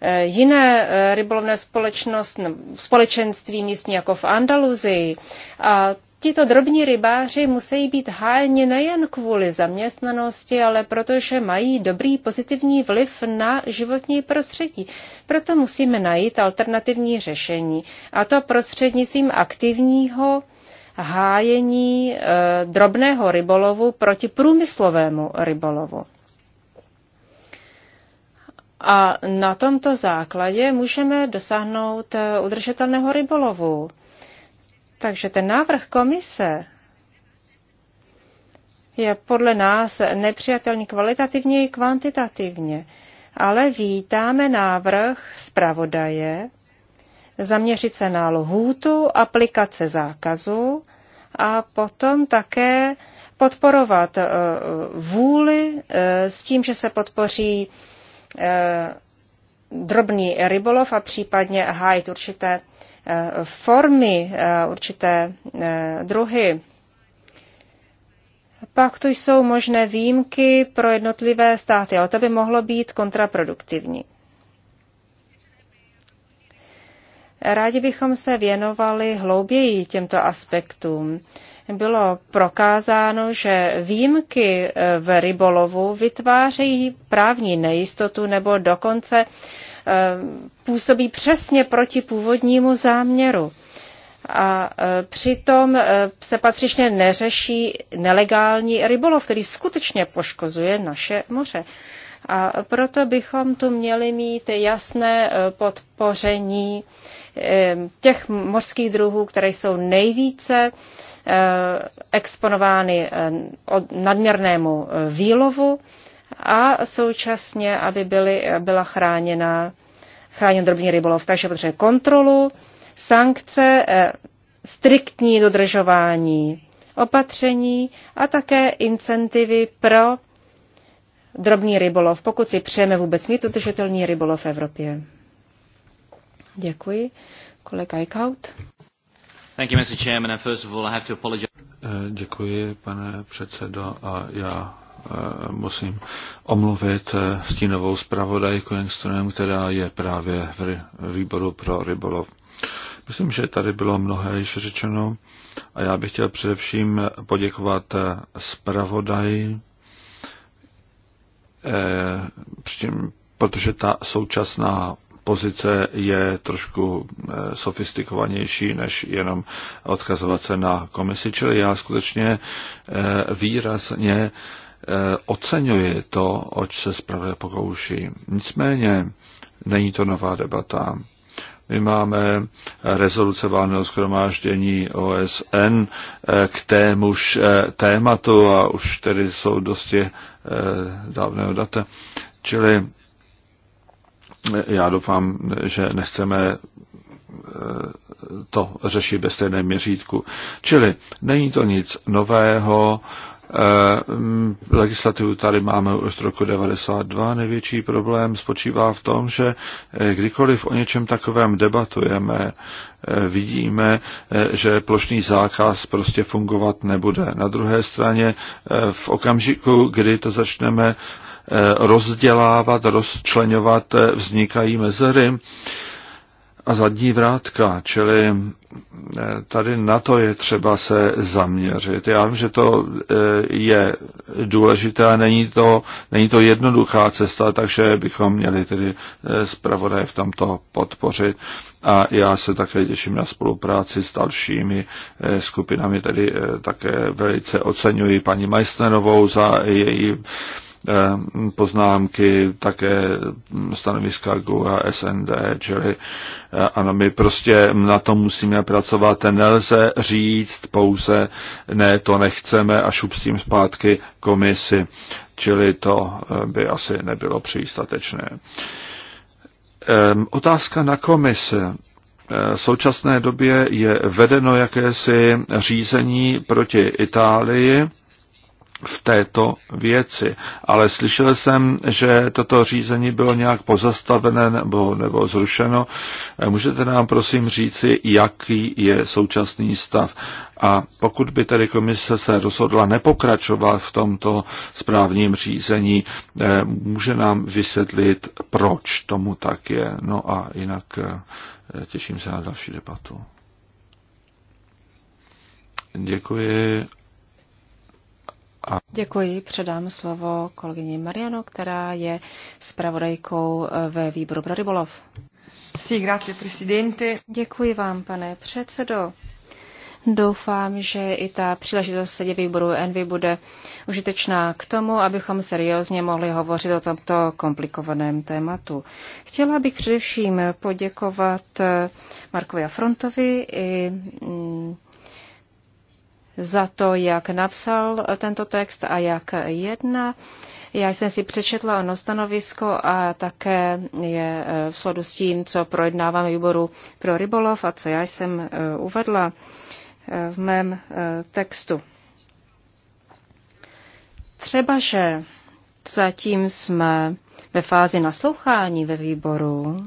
Speaker 2: Eh, jiné eh, rybolovné společnost, no, společenství místní jako v Andaluzii. A tito drobní rybáři musí být hájeni nejen kvůli zaměstnanosti, ale protože mají dobrý pozitivní vliv na životní prostředí. Proto musíme najít alternativní řešení. A to prostřednictvím aktivního hájení e, drobného rybolovu proti průmyslovému rybolovu. A na tomto základě můžeme dosáhnout eh, udržitelného rybolovu. Takže ten návrh komise je podle nás nepřijatelný kvalitativně i kvantitativně, ale vítáme návrh zpravodaje zaměřit se na lhůtu aplikace zákazu a potom také podporovat eh, vůli eh, s tím, že se podpoří Eh, drobný rybolov a případně hájit určité eh, formy, eh, určité druhy. Pak tu jsou možné výjimky pro jednotlivé státy, ale to by mohlo být kontraproduktivní. Rádi bychom se věnovali hlouběji těmto aspektům bylo prokázáno, že výjimky e, v rybolovu vytvářejí právní nejistotu nebo dokonce e, působí přesně proti původnímu záměru. A e, přitom se patřičně neřeší nelegální rybolov, který skutečně poškozuje naše moře. A proto bychom tu měli mít jasné podpoření těch mořských druhů, které jsou nejvíce Eh, exponovány eh, nadměrnému eh, výlovu a současně, aby byly, byla chráněna chráněn drobný rybolov. Takže potřebuje kontrolu, sankce, striktní dodržování opatření a také incentivy pro drobný rybolov, pokud si přejeme vůbec mít udržitelný rybolov v Evropě. Děkuji. Kolega Eichhout.
Speaker 1: Eh, děkuji, pane předsedo, a já eh, musím omluvit eh, stínovou zpravodajku Engström, která je právě v výboru pro rybolov. Myslím, že tady bylo mnohé již řečeno a já bych chtěl především poděkovat zpravodaji, protože ta současná pozice je trošku eh, sofistikovanější, než jenom odkazovat se na komisi. Čili já skutečně eh, výrazně eh, oceňuji to, oč se zpravodaj pokouší. Nicméně není to nová debata. My máme rezoluce válného schromáždění OSN k témuž tématu a už tedy jsou dosti dávného data. Čili já doufám, že nechceme eh, to řešit ve stejné měřítku. Čili není to nic nového, eh, legislativu tady máme už z roku 92. Největší problém spočívá v tom, že eh, kdykoliv o něčem takovém debatujeme, vidíme, že plošný zákaz prostě fungovat nebude. Na druhé straně v okamžiku, kdy to začneme Eh, rozdělávat, rozčlenovat, eh, vznikají mezery a zadní vrátka, čili eh, tady na to je třeba se zaměřit. Já vím, že to je důležité, není to, není to jednoduchá cesta, takže bychom měli tedy zpravodaje v tomto podpořit. A já se také těším na spolupráci s dalšími skupinami, tedy také velice oceňuji paní Majstnerovou za její Ehm, poznámky, také stanoviska a SND, čili eh, ano, my prostě na tom musíme pracovat. Nelze říct pouze, ne, to nechceme a šup s tím zpátky komisi, čili to eh, by asi nebylo přístatečné. Ehm, otázka na komisi. Eh, v současné době je vedeno jakési řízení proti Itálii, v této věci. Ale slyšel jsem, že toto řízení bylo nějak pozastavené nebo, nebo zrušeno. Můžete nám prosím říci, jaký je současný stav? A pokud by tedy komise se rozhodla nepokračovat v tomto správním řízení, eh, může nám vysvětlit, proč tomu tak je. No a jinak eh, těším se na další debatu. Děkuji
Speaker 4: a...
Speaker 2: Děkuji, předám slovo kolegyni Mariano, která je zpravodajkou eh, ve výboru pro rybolov. Děkuji vám, pane předsedo. Doufám, že i ta příležitost sedě výboru Envy bude užitečná k tomu, abychom seriózně mohli hovořit o tomto komplikovaném tématu. Chtěla bych především poděkovat eh, Markovi Afrontovi i mm, za to, jak napsal tento text a jak jedna. Já jsem si přečetla ono stanovisko a také je e, v sladu s tím, co projednáváme výboru pro rybolov a co já jsem e, uvedla e, v mém textu. Třeba, že zatím jsme ve fázi naslouchání ve výboru,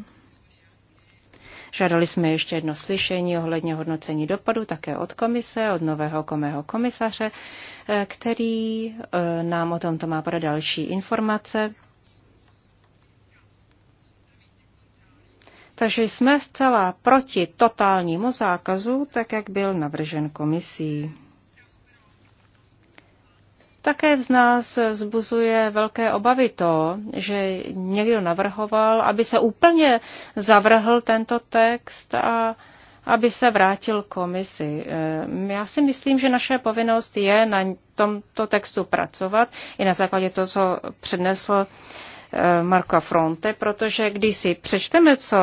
Speaker 2: Žádali jsme ještě jedno slyšení ohledně hodnocení dopadu, také od komise, od nového komého komisaře, eh, který eh, nám o tomto má pro další informace. Takže jsme zcela proti totálnímu zákazu, tak jak byl navržen komisí. Také v nás vzbuzuje velké obavy to, že někdo navrhoval, aby se úplně zavrhl tento text a aby se vrátil komisi. Ehm, já si myslím, že naše povinnost je na tomto textu pracovat i na základě toho, co přednesl ehm, Marka Fronte, protože když si přečteme, co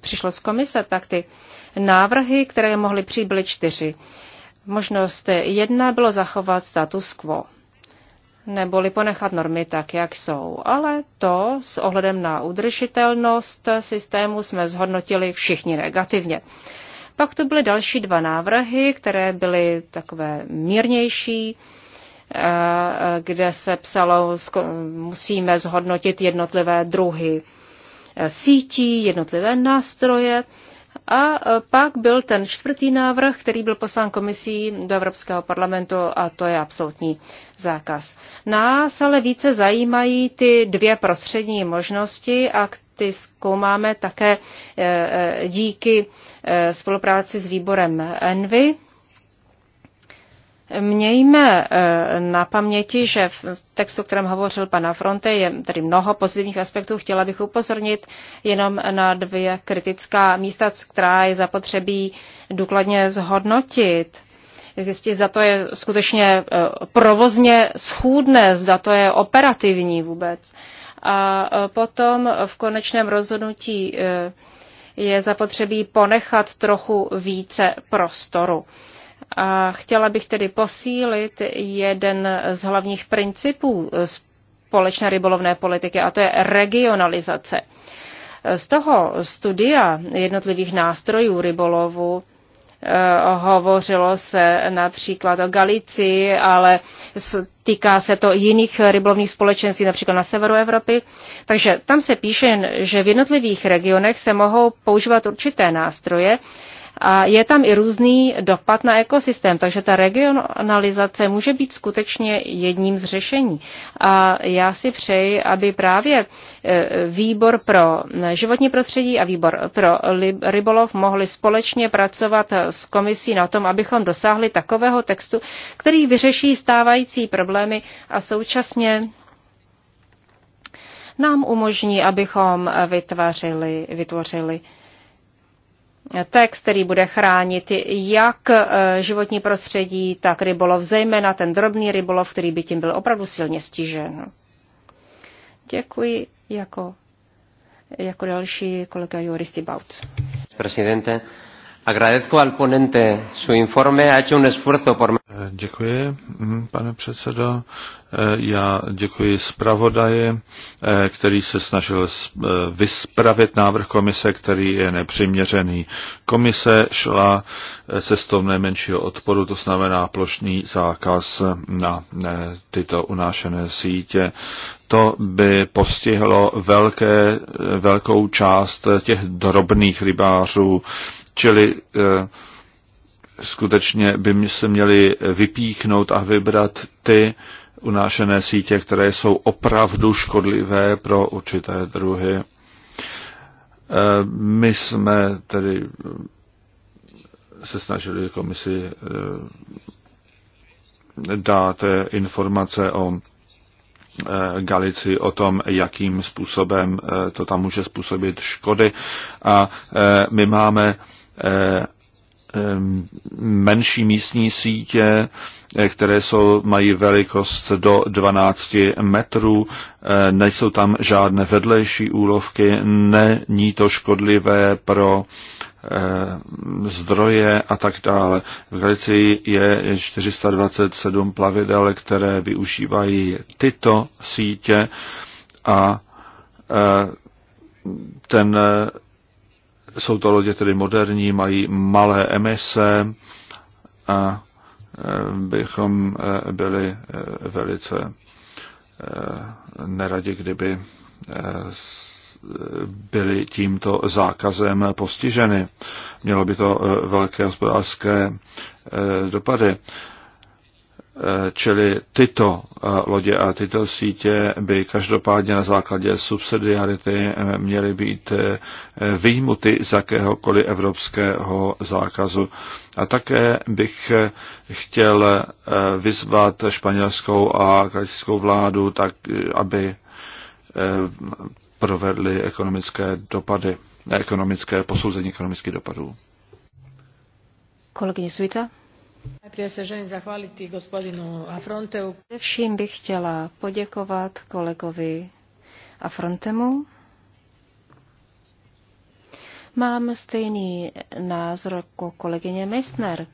Speaker 2: přišlo z komise, tak ty návrhy, které mohly přijít, byly čtyři. Možnost jedna bylo zachovat status quo neboli ponechat normy tak, jak jsou. Ale to s ohledem na udržitelnost systému jsme zhodnotili všichni negativně. Pak to byly další dva návrhy, které byly takové mírnější, eh, kde se psalo, musíme zhodnotit jednotlivé druhy eh, sítí, jednotlivé nástroje a e, pak byl ten čtvrtý návrh, který byl poslán komisí do Evropského parlamentu a to je absolutní zákaz. Nás ale více zajímají ty dvě prostřední možnosti a ty zkoumáme také e, e, díky spolupráci s výborem Envy. Mějme eh, na paměti, že v textu, o kterém hovořil pana Fronte, je tady mnoho pozitivních aspektů. Chtěla bych upozornit jenom na dvě kritická místa, která je zapotřebí důkladně zhodnotit. Zjistit, zda to je skutečně eh, provozně schůdné, zda to je operativní vůbec. A eh, potom v konečném rozhodnutí je zapotřebí ponechat trochu více prostoru a chtěla bych tedy posílit jeden z hlavních principů společné rybolovné politiky, a to je regionalizace. Z toho studia jednotlivých nástrojů rybolovu eh, hovořilo se například o Galicii, ale týká se to jiných rybolovných společenství, například na severu Evropy. Takže tam se píše, že v jednotlivých regionech se mohou používat určité nástroje, a je tam i různý dopad na ekosystém, takže ta regionalizace může být skutečně jedním z řešení. A já si přeji, aby právě e, výbor pro e, životní prostředí a výbor pro rybolov mohli společně pracovat e, s komisí na tom, abychom dosáhli takového textu, který vyřeší stávající problémy a současně nám umožní, abychom vytvořili, vytvořili text, který bude chránit jak e, životní prostředí, tak rybolov, zejména ten drobný rybolov, který by tím byl opravdu silně stižen. Děkuji jako, jako další kolega Juristy Bautz.
Speaker 4: Presidente. Agradezco al ponente su informe, ha hecho un esfuerzo por... Eh, děkuji, mm,
Speaker 1: pane předsedo. Eh, já děkuji zpravodaji, eh, který se snažil vyspravit návrh komise, který je nepřiměřený. Komise šla cestou nejmenšího odporu, to znamená plošný zákaz na tyto unášené sítě. To by postihlo velké, velkou část těch drobných rybářů, Čili eh, skutečně by se měli vypíchnout a vybrat ty unášené sítě, které jsou opravdu škodlivé pro určité druhy. Eh, my jsme tedy se snažili komisi eh, dát informace o Galici o tom, jakým způsobem to tam může způsobit škody. A my máme Eh, menší místní sítě, eh, které jsou, mají velikost do 12 metrů, eh, nejsou tam žádné vedlejší úlovky, není to škodlivé pro zdroje a tak dále. V Grecii je 427 plavidel, které využívají tyto sítě a ten jsou to lodě tedy moderní, mají malé emise a e, bychom e, byli e, velice neradi, kdyby byly tímto zákazem postiženy. Mělo by to velké hospodářské dopady. Čili tyto eh, lodě a tyto sítě by každopádně na základě subsidiarity eh, měly být eh, vyjmuty z jakéhokoliv evropského zákazu. A také bych chtěl vyzvat španělskou a kalistickou vládu, tak aby provedli ekonomické dopady, ekonomické posouzení ekonomických dopadů.
Speaker 2: Kolegyně Svita. Prije Vším bych chtěla poděkovat kolegovi Afrontemu. Mám stejný názor jako kolegyně Meissner.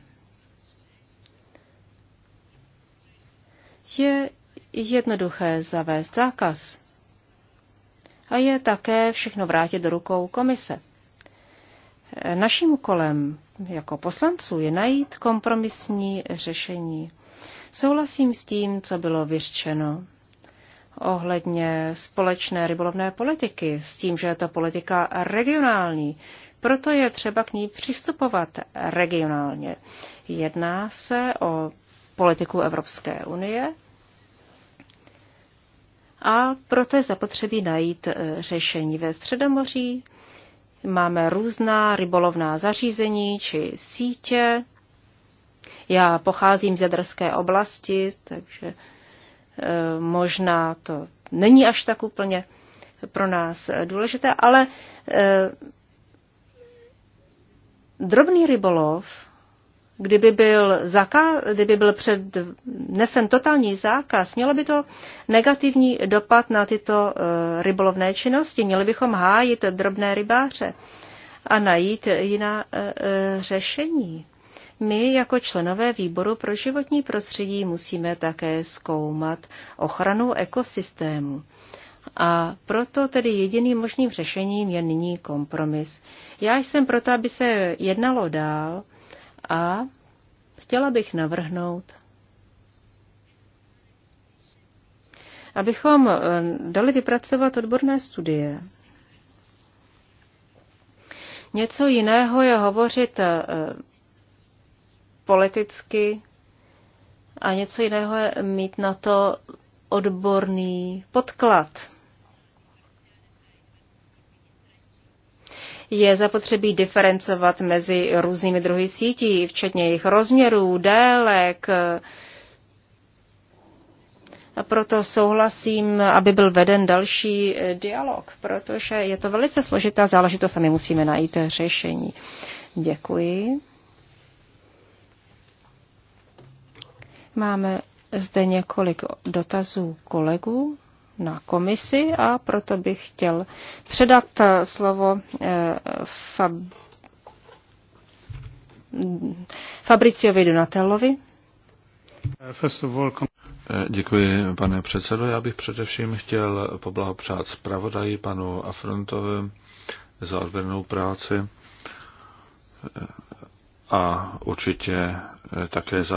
Speaker 2: Je jednoduché zavést zákaz a je také všechno vrátit do rukou komise. Naším úkolem jako poslanců je najít kompromisní řešení. Souhlasím s tím, co bylo vyřčeno ohledně společné rybolovné politiky, s tím, že je to politika regionální. Proto je třeba k ní přistupovat regionálně. Jedná se o politiku Evropské unie a proto je zapotřebí najít e, řešení ve Středomoří, Máme různá rybolovná zařízení či sítě. Já pocházím z jadrské oblasti, takže e, možná to není až tak úplně pro nás důležité, ale e, drobný rybolov kdyby byl, zaka- kdyby byl přednesen totální zákaz, mělo by to negativní dopad na tyto e, rybolovné činnosti. Měli bychom hájit drobné rybáře a najít jiná e, e, řešení. My jako členové výboru pro životní prostředí musíme také zkoumat ochranu ekosystému. A proto tedy jediným možným řešením je nyní kompromis. Já jsem proto, aby se jednalo dál, a chtěla bych navrhnout, abychom eh, dali vypracovat odborné studie. Něco jiného je hovořit eh, politicky a něco jiného je mít na to odborný podklad. je zapotřebí diferencovat mezi různými druhy sítí, včetně jejich rozměrů, délek. A proto souhlasím, aby byl veden další eh, dialog, protože je to velice složitá záležitost a my musíme najít řešení. Děkuji. Máme zde několik dotazů kolegů na komisi a proto bych chtěl předat eh, slovo eh, Fab... Fabriciovi Donatellovi.
Speaker 4: Uh,
Speaker 1: eh, děkuji, pane předsedo. Já bych především chtěl poblahopřát zpravodaji panu Afrontovi za odvednou práci a určitě také za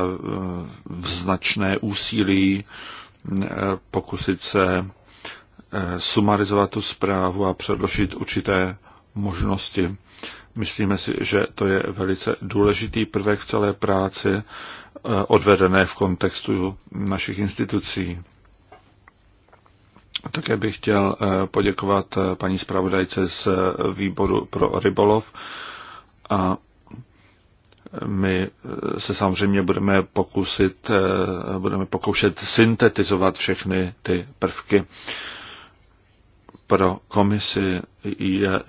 Speaker 1: značné úsilí pokusit se eh, sumarizovat tu zprávu a předložit určité možnosti. Myslíme si, že to je velice důležitý prvek v celé práci, eh, odvedené v kontextu našich institucí. Také bych chtěl eh, poděkovat paní zpravodajce z výboru pro rybolov a my se samozřejmě budeme pokusit, eh, budeme pokoušet syntetizovat všechny ty prvky. Pro komisi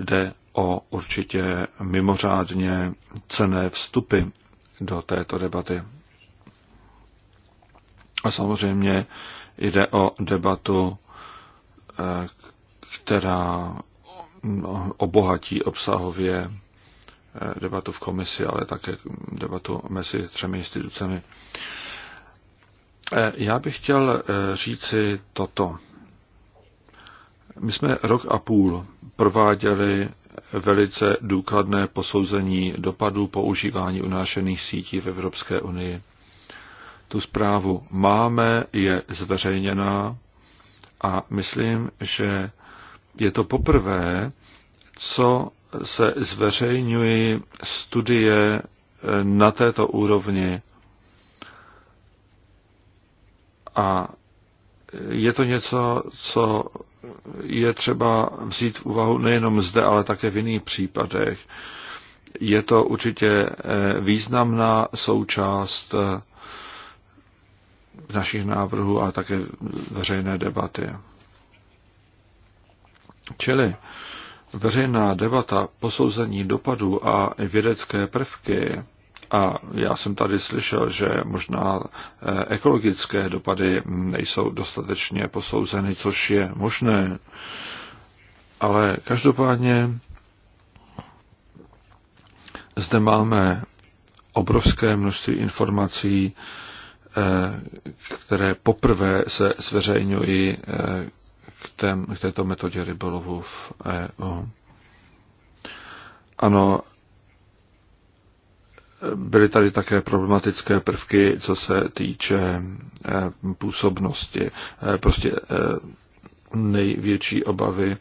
Speaker 1: jde o určitě mimořádně cené vstupy do této debaty. A samozřejmě jde o debatu, eh, která obohatí obsahově debatu v komisi, ale také debatu mezi třemi institucemi. Eh, já bych chtěl eh, říci toto. My jsme rok a půl prováděli velice důkladné posouzení dopadů používání unášených sítí v Evropské unii. Tu zprávu máme, je zveřejněná a myslím, že je to poprvé, co se zveřejňují studie eh, na této úrovni a je to něco, co je třeba vzít v úvahu nejenom zde, ale také v jiných případech. Je to určitě eh, významná součást eh, našich návrhů, ale také veřejné debaty. Čili veřejná debata, posouzení dopadů a vědecké prvky, a já jsem tady slyšel, že možná eh, ekologické dopady nejsou dostatečně posouzeny, což je možné, ale každopádně zde máme obrovské množství informací, eh, které poprvé se zveřejňují eh, k, tém, k této metodě rybolovu v EU. Ano, byly tady také problematické prvky, co se týče e, působnosti. E, prostě e, největší obavy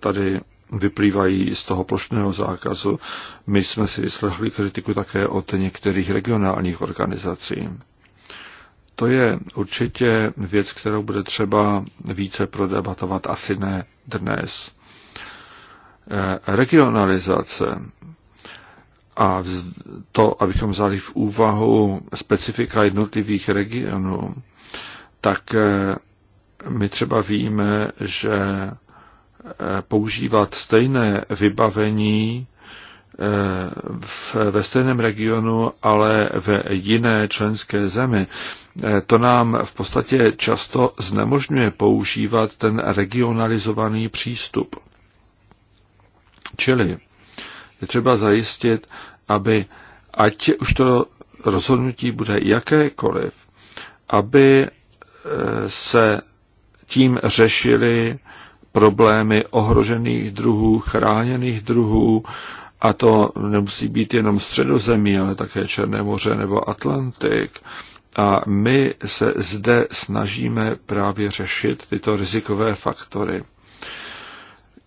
Speaker 1: tady vyplývají z toho plošného zákazu. My jsme si vyslechli kritiku také od některých regionálních organizací. To je určitě věc, kterou bude třeba více prodebatovat, asi ne dnes. Eh, regionalizace a to, abychom vzali v úvahu specifika jednotlivých regionů, tak eh, my třeba víme, že eh, používat stejné vybavení v, ve stejném regionu, ale ve jiné členské zemi. E, to nám v podstatě často znemožňuje používat ten regionalizovaný přístup. Čili je třeba zajistit, aby ať už to rozhodnutí bude jakékoliv, aby e, se tím řešili problémy ohrožených druhů, chráněných druhů, a to nemusí být jenom středozemí, ale také Černé moře nebo Atlantik. A my se zde snažíme právě řešit tyto rizikové faktory.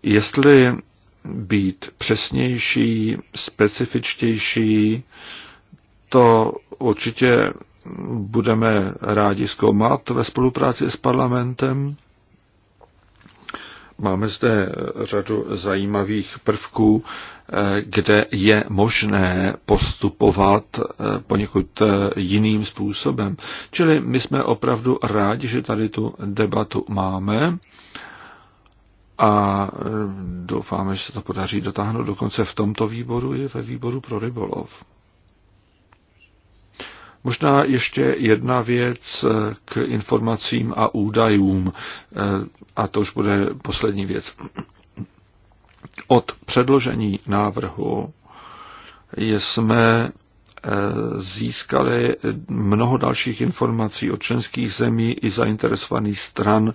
Speaker 1: Jestli být přesnější, specifičtější, to určitě budeme rádi zkoumat ve spolupráci s parlamentem Máme zde řadu zajímavých prvků, eh, kde je možné postupovat eh, poněkud eh, jiným způsobem. Čili my jsme opravdu rádi, že tady tu debatu máme a doufáme, že se to podaří dotáhnout dokonce v tomto výboru i ve výboru pro rybolov. Možná ještě jedna věc eh, k informacím a údajům, eh, a to už bude poslední věc. Od předložení návrhu jsme eh, získali mnoho dalších informací od členských zemí i zainteresovaných stran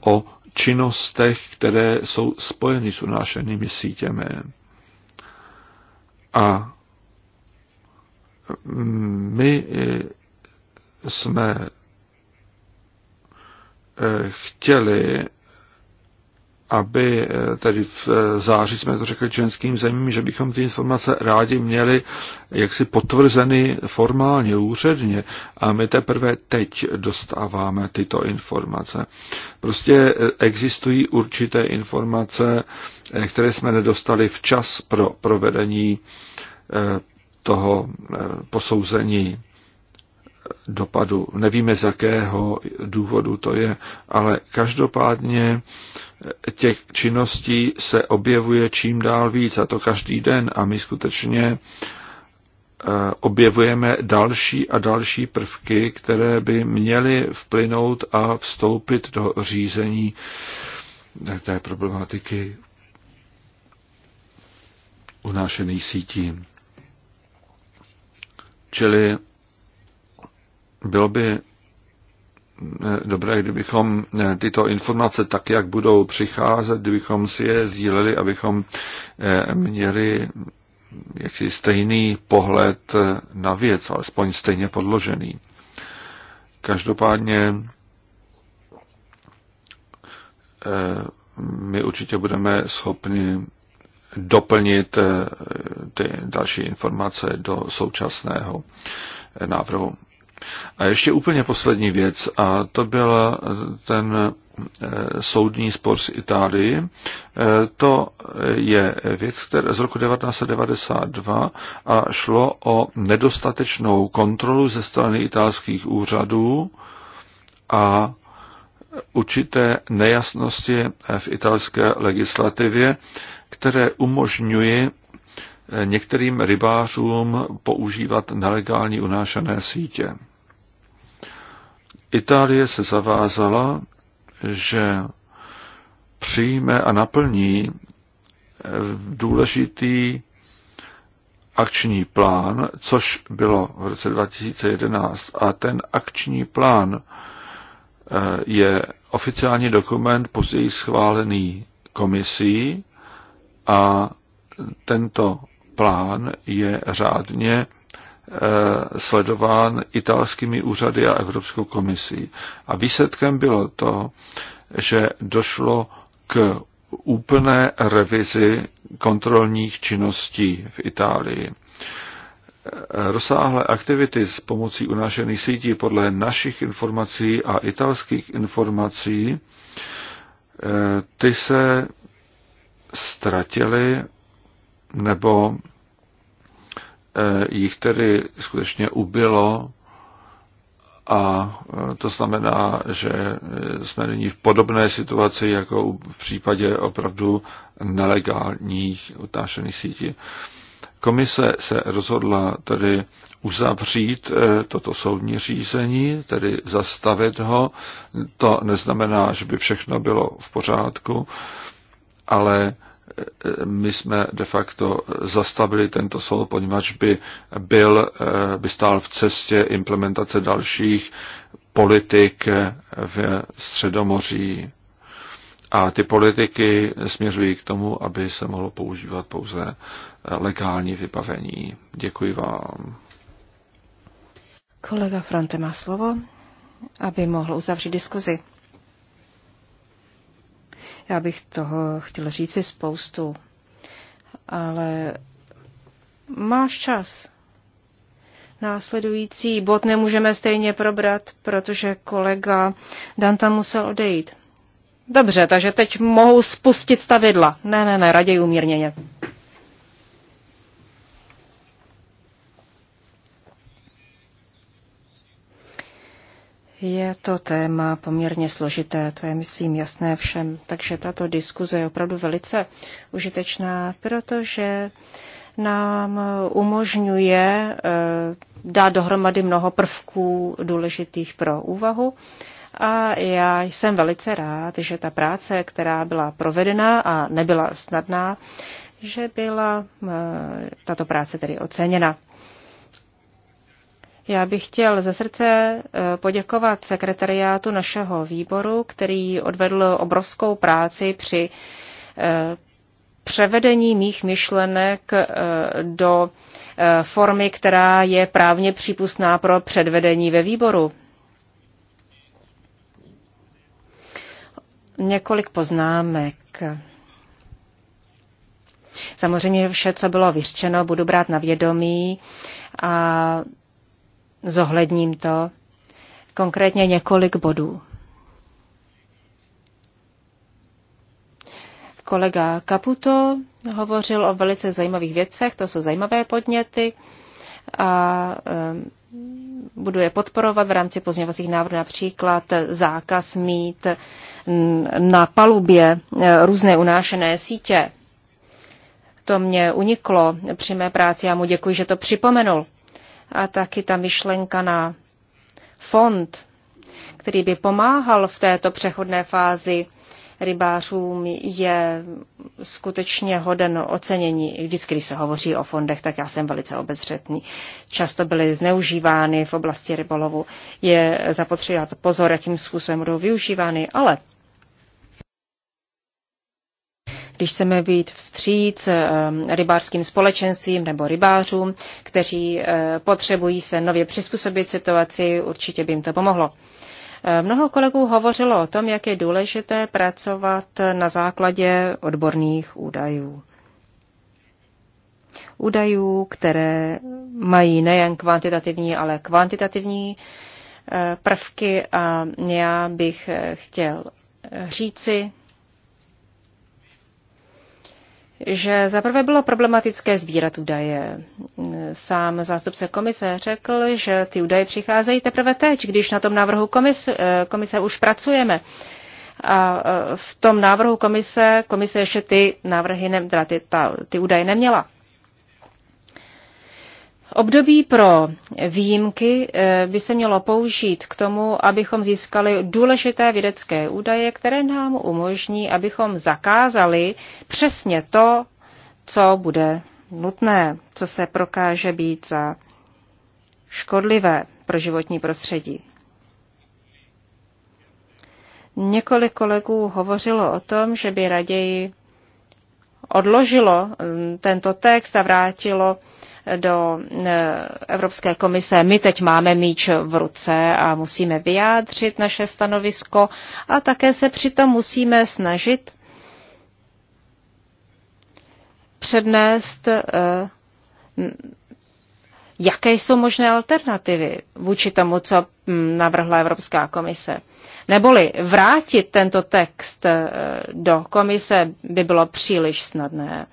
Speaker 1: o činnostech, které jsou spojeny s unášenými sítěmi. A my eh, jsme eh, chtěli, aby eh, tedy v září jsme to řekli členským zemím, že bychom ty informace rádi měli jaksi potvrzeny formálně, úředně a my teprve teď dostáváme tyto informace. Prostě existují určité informace, které jsme nedostali včas pro provedení toho eh, posouzení dopadu. Nevíme, z jakého důvodu to je, ale každopádně eh, těch činností se objevuje čím dál víc, a to každý den, a my skutečně eh, objevujeme další a další prvky, které by měly vplynout a vstoupit do řízení té problematiky unášených sítí. Čili bylo by eh, dobré, kdybychom eh, tyto informace tak, jak budou přicházet, kdybychom si je sdíleli, abychom eh, měli jaksi stejný pohled na věc, alespoň stejně podložený. Každopádně my určitě budeme schopni doplnit eh, ty další informace do současného návrhu. A ještě úplně poslední věc, a to byl eh, ten eh, soudní spor s Itálií. To je věc která z roku 1992 a šlo o nedostatečnou kontrolu ze strany italských úřadů a určité nejasnosti v italské legislativě, které umožňuje eh, některým rybářům používat nelegální unášené sítě. Itálie se zavázala, že přijme a naplní eh, důležitý akční plán, což bylo v roce 2011. A ten akční plán eh, je oficiální dokument později schválený komisí a tento plán je řádně eh, sledován italskými úřady a Evropskou komisí. A výsledkem bylo to, že došlo k úplné revizi kontrolních činností v Itálii. Rozsáhlé aktivity s pomocí unášených sítí podle našich informací a italských informací, eh, ty se ztratili nebo eh, jich tedy skutečně ubylo a eh, to znamená, že eh, jsme nyní v podobné situaci jako v případě opravdu nelegálních utášených sítí. Komise se rozhodla tedy uzavřít toto soudní řízení, tedy zastavit ho. To neznamená, že by všechno bylo v pořádku, ale e, my jsme de facto zastavili tento soud, poněvadž by, byl, e, by stál v cestě implementace dalších politik v Středomoří. A ty politiky směřují k tomu, aby se mohlo používat pouze legální vybavení. Děkuji vám.
Speaker 2: Kolega Fronte má slovo, aby mohl uzavřít diskuzi. Já bych toho chtěl říci spoustu, ale máš čas. Následující bod nemůžeme stejně probrat, protože kolega Danta musel odejít. Dobře, takže teď mohu spustit stavidla. Ne, ne, ne, raději umírněně. Je to téma poměrně složité, to je, myslím, jasné všem. Takže tato diskuze je opravdu velice užitečná, protože nám umožňuje eh, dát dohromady mnoho prvků důležitých pro úvahu. A já jsem velice rád, že ta práce, která byla provedena a nebyla snadná, že byla eh, tato práce tedy oceněna. Já bych chtěl ze srdce eh, poděkovat sekretariátu našeho výboru, který odvedl obrovskou práci při eh, převedení mých myšlenek eh, do formy, která je právně přípustná pro předvedení ve výboru. Několik poznámek. Samozřejmě vše, co bylo vyřčeno, budu brát na vědomí a zohledním to, konkrétně několik bodů. Kolega Caputo hovořil o velice zajímavých věcech, to jsou zajímavé podněty a budu je podporovat v rámci pozměňovacích návrhů, například zákaz mít na palubě e, různé unášené sítě. To mě uniklo při mé práci a mu děkuji, že to připomenul a taky ta myšlenka na fond, který by pomáhal v této přechodné fázi rybářům, je skutečně hoden ocenění. Vždycky, když se hovoří o fondech, tak já jsem velice obezřetný. Často byly zneužívány v oblasti rybolovu. Je zapotřebí pozor, jakým způsobem budou využívány, ale když chceme být vstříc eh, rybářským společenstvím nebo rybářům, kteří eh, potřebují se nově přizpůsobit situaci, určitě by jim to pomohlo. Eh, mnoho kolegů hovořilo o tom, jak je důležité pracovat na základě odborných údajů. Údajů, které mají nejen kvantitativní, ale kvantitativní prvky a já bych chtěl říci, že zaprvé bylo problematické sbírat údaje. Sám zástupce komise řekl, že ty údaje přicházejí teprve teď, když na tom návrhu komise, eh, komise už pracujeme. A eh, v tom návrhu komise, komise ještě ty návrhy, ne, teda ty, ta, ty údaje neměla. Období pro výjimky eh, by se mělo použít k tomu, abychom získali důležité vědecké údaje, které nám umožní, abychom zakázali přesně to, co bude nutné, co se prokáže být za škodlivé pro životní prostředí. Několik kolegů hovořilo o tom, že by raději odložilo mm, tento text a vrátilo do eh, Evropské komise. My teď máme míč v ruce a musíme vyjádřit naše stanovisko a také se přitom musíme snažit přednést, eh, jaké jsou možné alternativy vůči tomu, co mm, navrhla Evropská komise. Neboli vrátit tento text eh, do komise by bylo příliš snadné.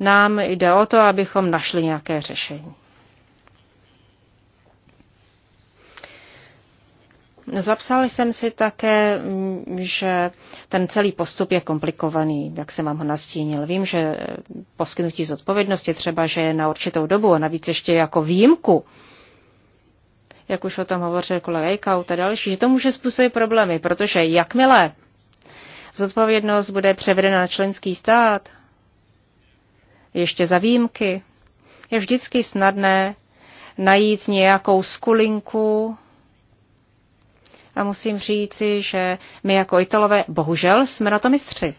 Speaker 2: Nám jde o to, abychom našli nějaké řešení. Zapsal jsem si také, mm, že ten celý postup je komplikovaný, jak jsem vám ho nastínil. Vím, že eh, poskytnutí zodpovědnosti třeba, že je na určitou dobu a navíc ještě jako výjimku, jak už o tom hovořil kolega Eichhout a další, že to může způsobit problémy, protože jakmile zodpovědnost bude převedena na členský stát, ještě za výjimky. Je vždycky snadné najít nějakou skulinku. A musím říci, že my jako Italové bohužel jsme na to mistři.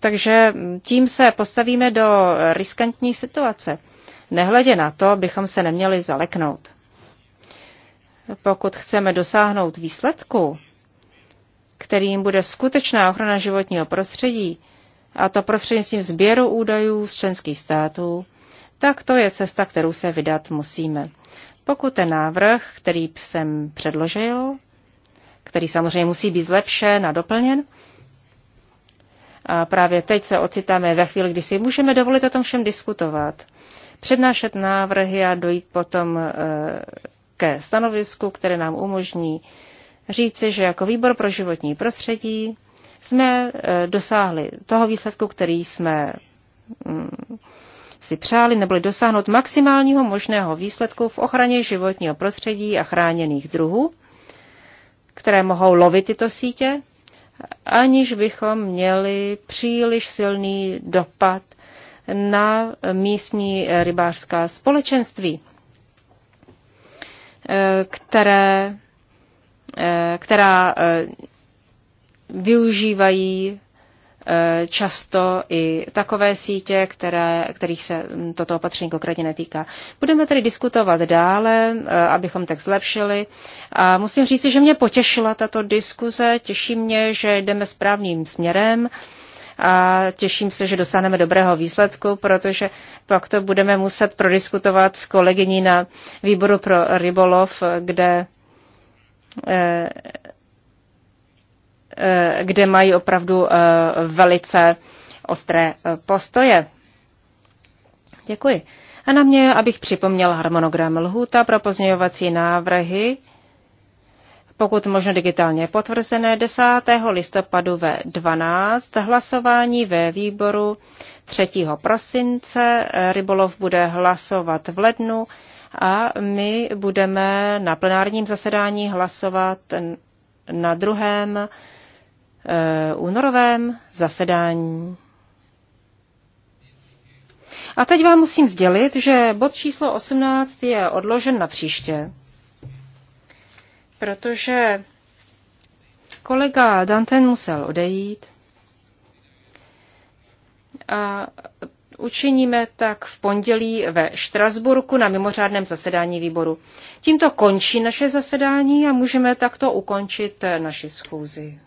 Speaker 2: Takže tím se postavíme do riskantní situace. Nehledě na to, bychom se neměli zaleknout. Pokud chceme dosáhnout výsledku, kterým bude skutečná ochrana životního prostředí, a to prostřednictvím sběru údajů z členských států, tak to je cesta, kterou se vydat musíme. Pokud ten návrh, který jsem předložil, který samozřejmě musí být zlepšen a doplněn, a právě teď se ocitáme ve chvíli, kdy si můžeme dovolit o tom všem diskutovat, přednášet návrhy a dojít potom e, ke stanovisku, které nám umožní říci, že jako výbor pro životní prostředí jsme eh, dosáhli toho výsledku, který jsme mm, si přáli, neboli dosáhnout maximálního možného výsledku v ochraně životního prostředí a chráněných druhů, které mohou lovit tyto sítě, aniž bychom měli příliš silný dopad na místní eh, rybářská společenství, eh, které, která využívají eh, často i takové sítě, které, kterých se hm, toto opatření konkrétně netýká. Budeme tedy diskutovat dále, eh, abychom tak zlepšili. A musím říct, že mě potěšila tato diskuze, těší mě, že jdeme správným směrem a těším se, že dosáhneme dobrého výsledku, protože pak to budeme muset prodiskutovat s kolegyní na výboru pro rybolov, kde eh, Eh, kde mají opravdu eh, velice ostré eh, postoje. Děkuji. A na mě, abych připomněl harmonogram lhůta pro pozměňovací návrhy, pokud možno digitálně potvrzené 10. listopadu ve 12. hlasování ve výboru 3. prosince. Rybolov bude hlasovat v lednu a my budeme na plenárním zasedání hlasovat na druhém Eh, únorovém zasedání. A teď vám musím sdělit, že bod číslo 18 je odložen na příště, protože kolega Danten musel odejít a Učiníme tak v pondělí ve Štrasburku na mimořádném zasedání výboru. Tímto končí naše zasedání a můžeme takto ukončit naši schůzi.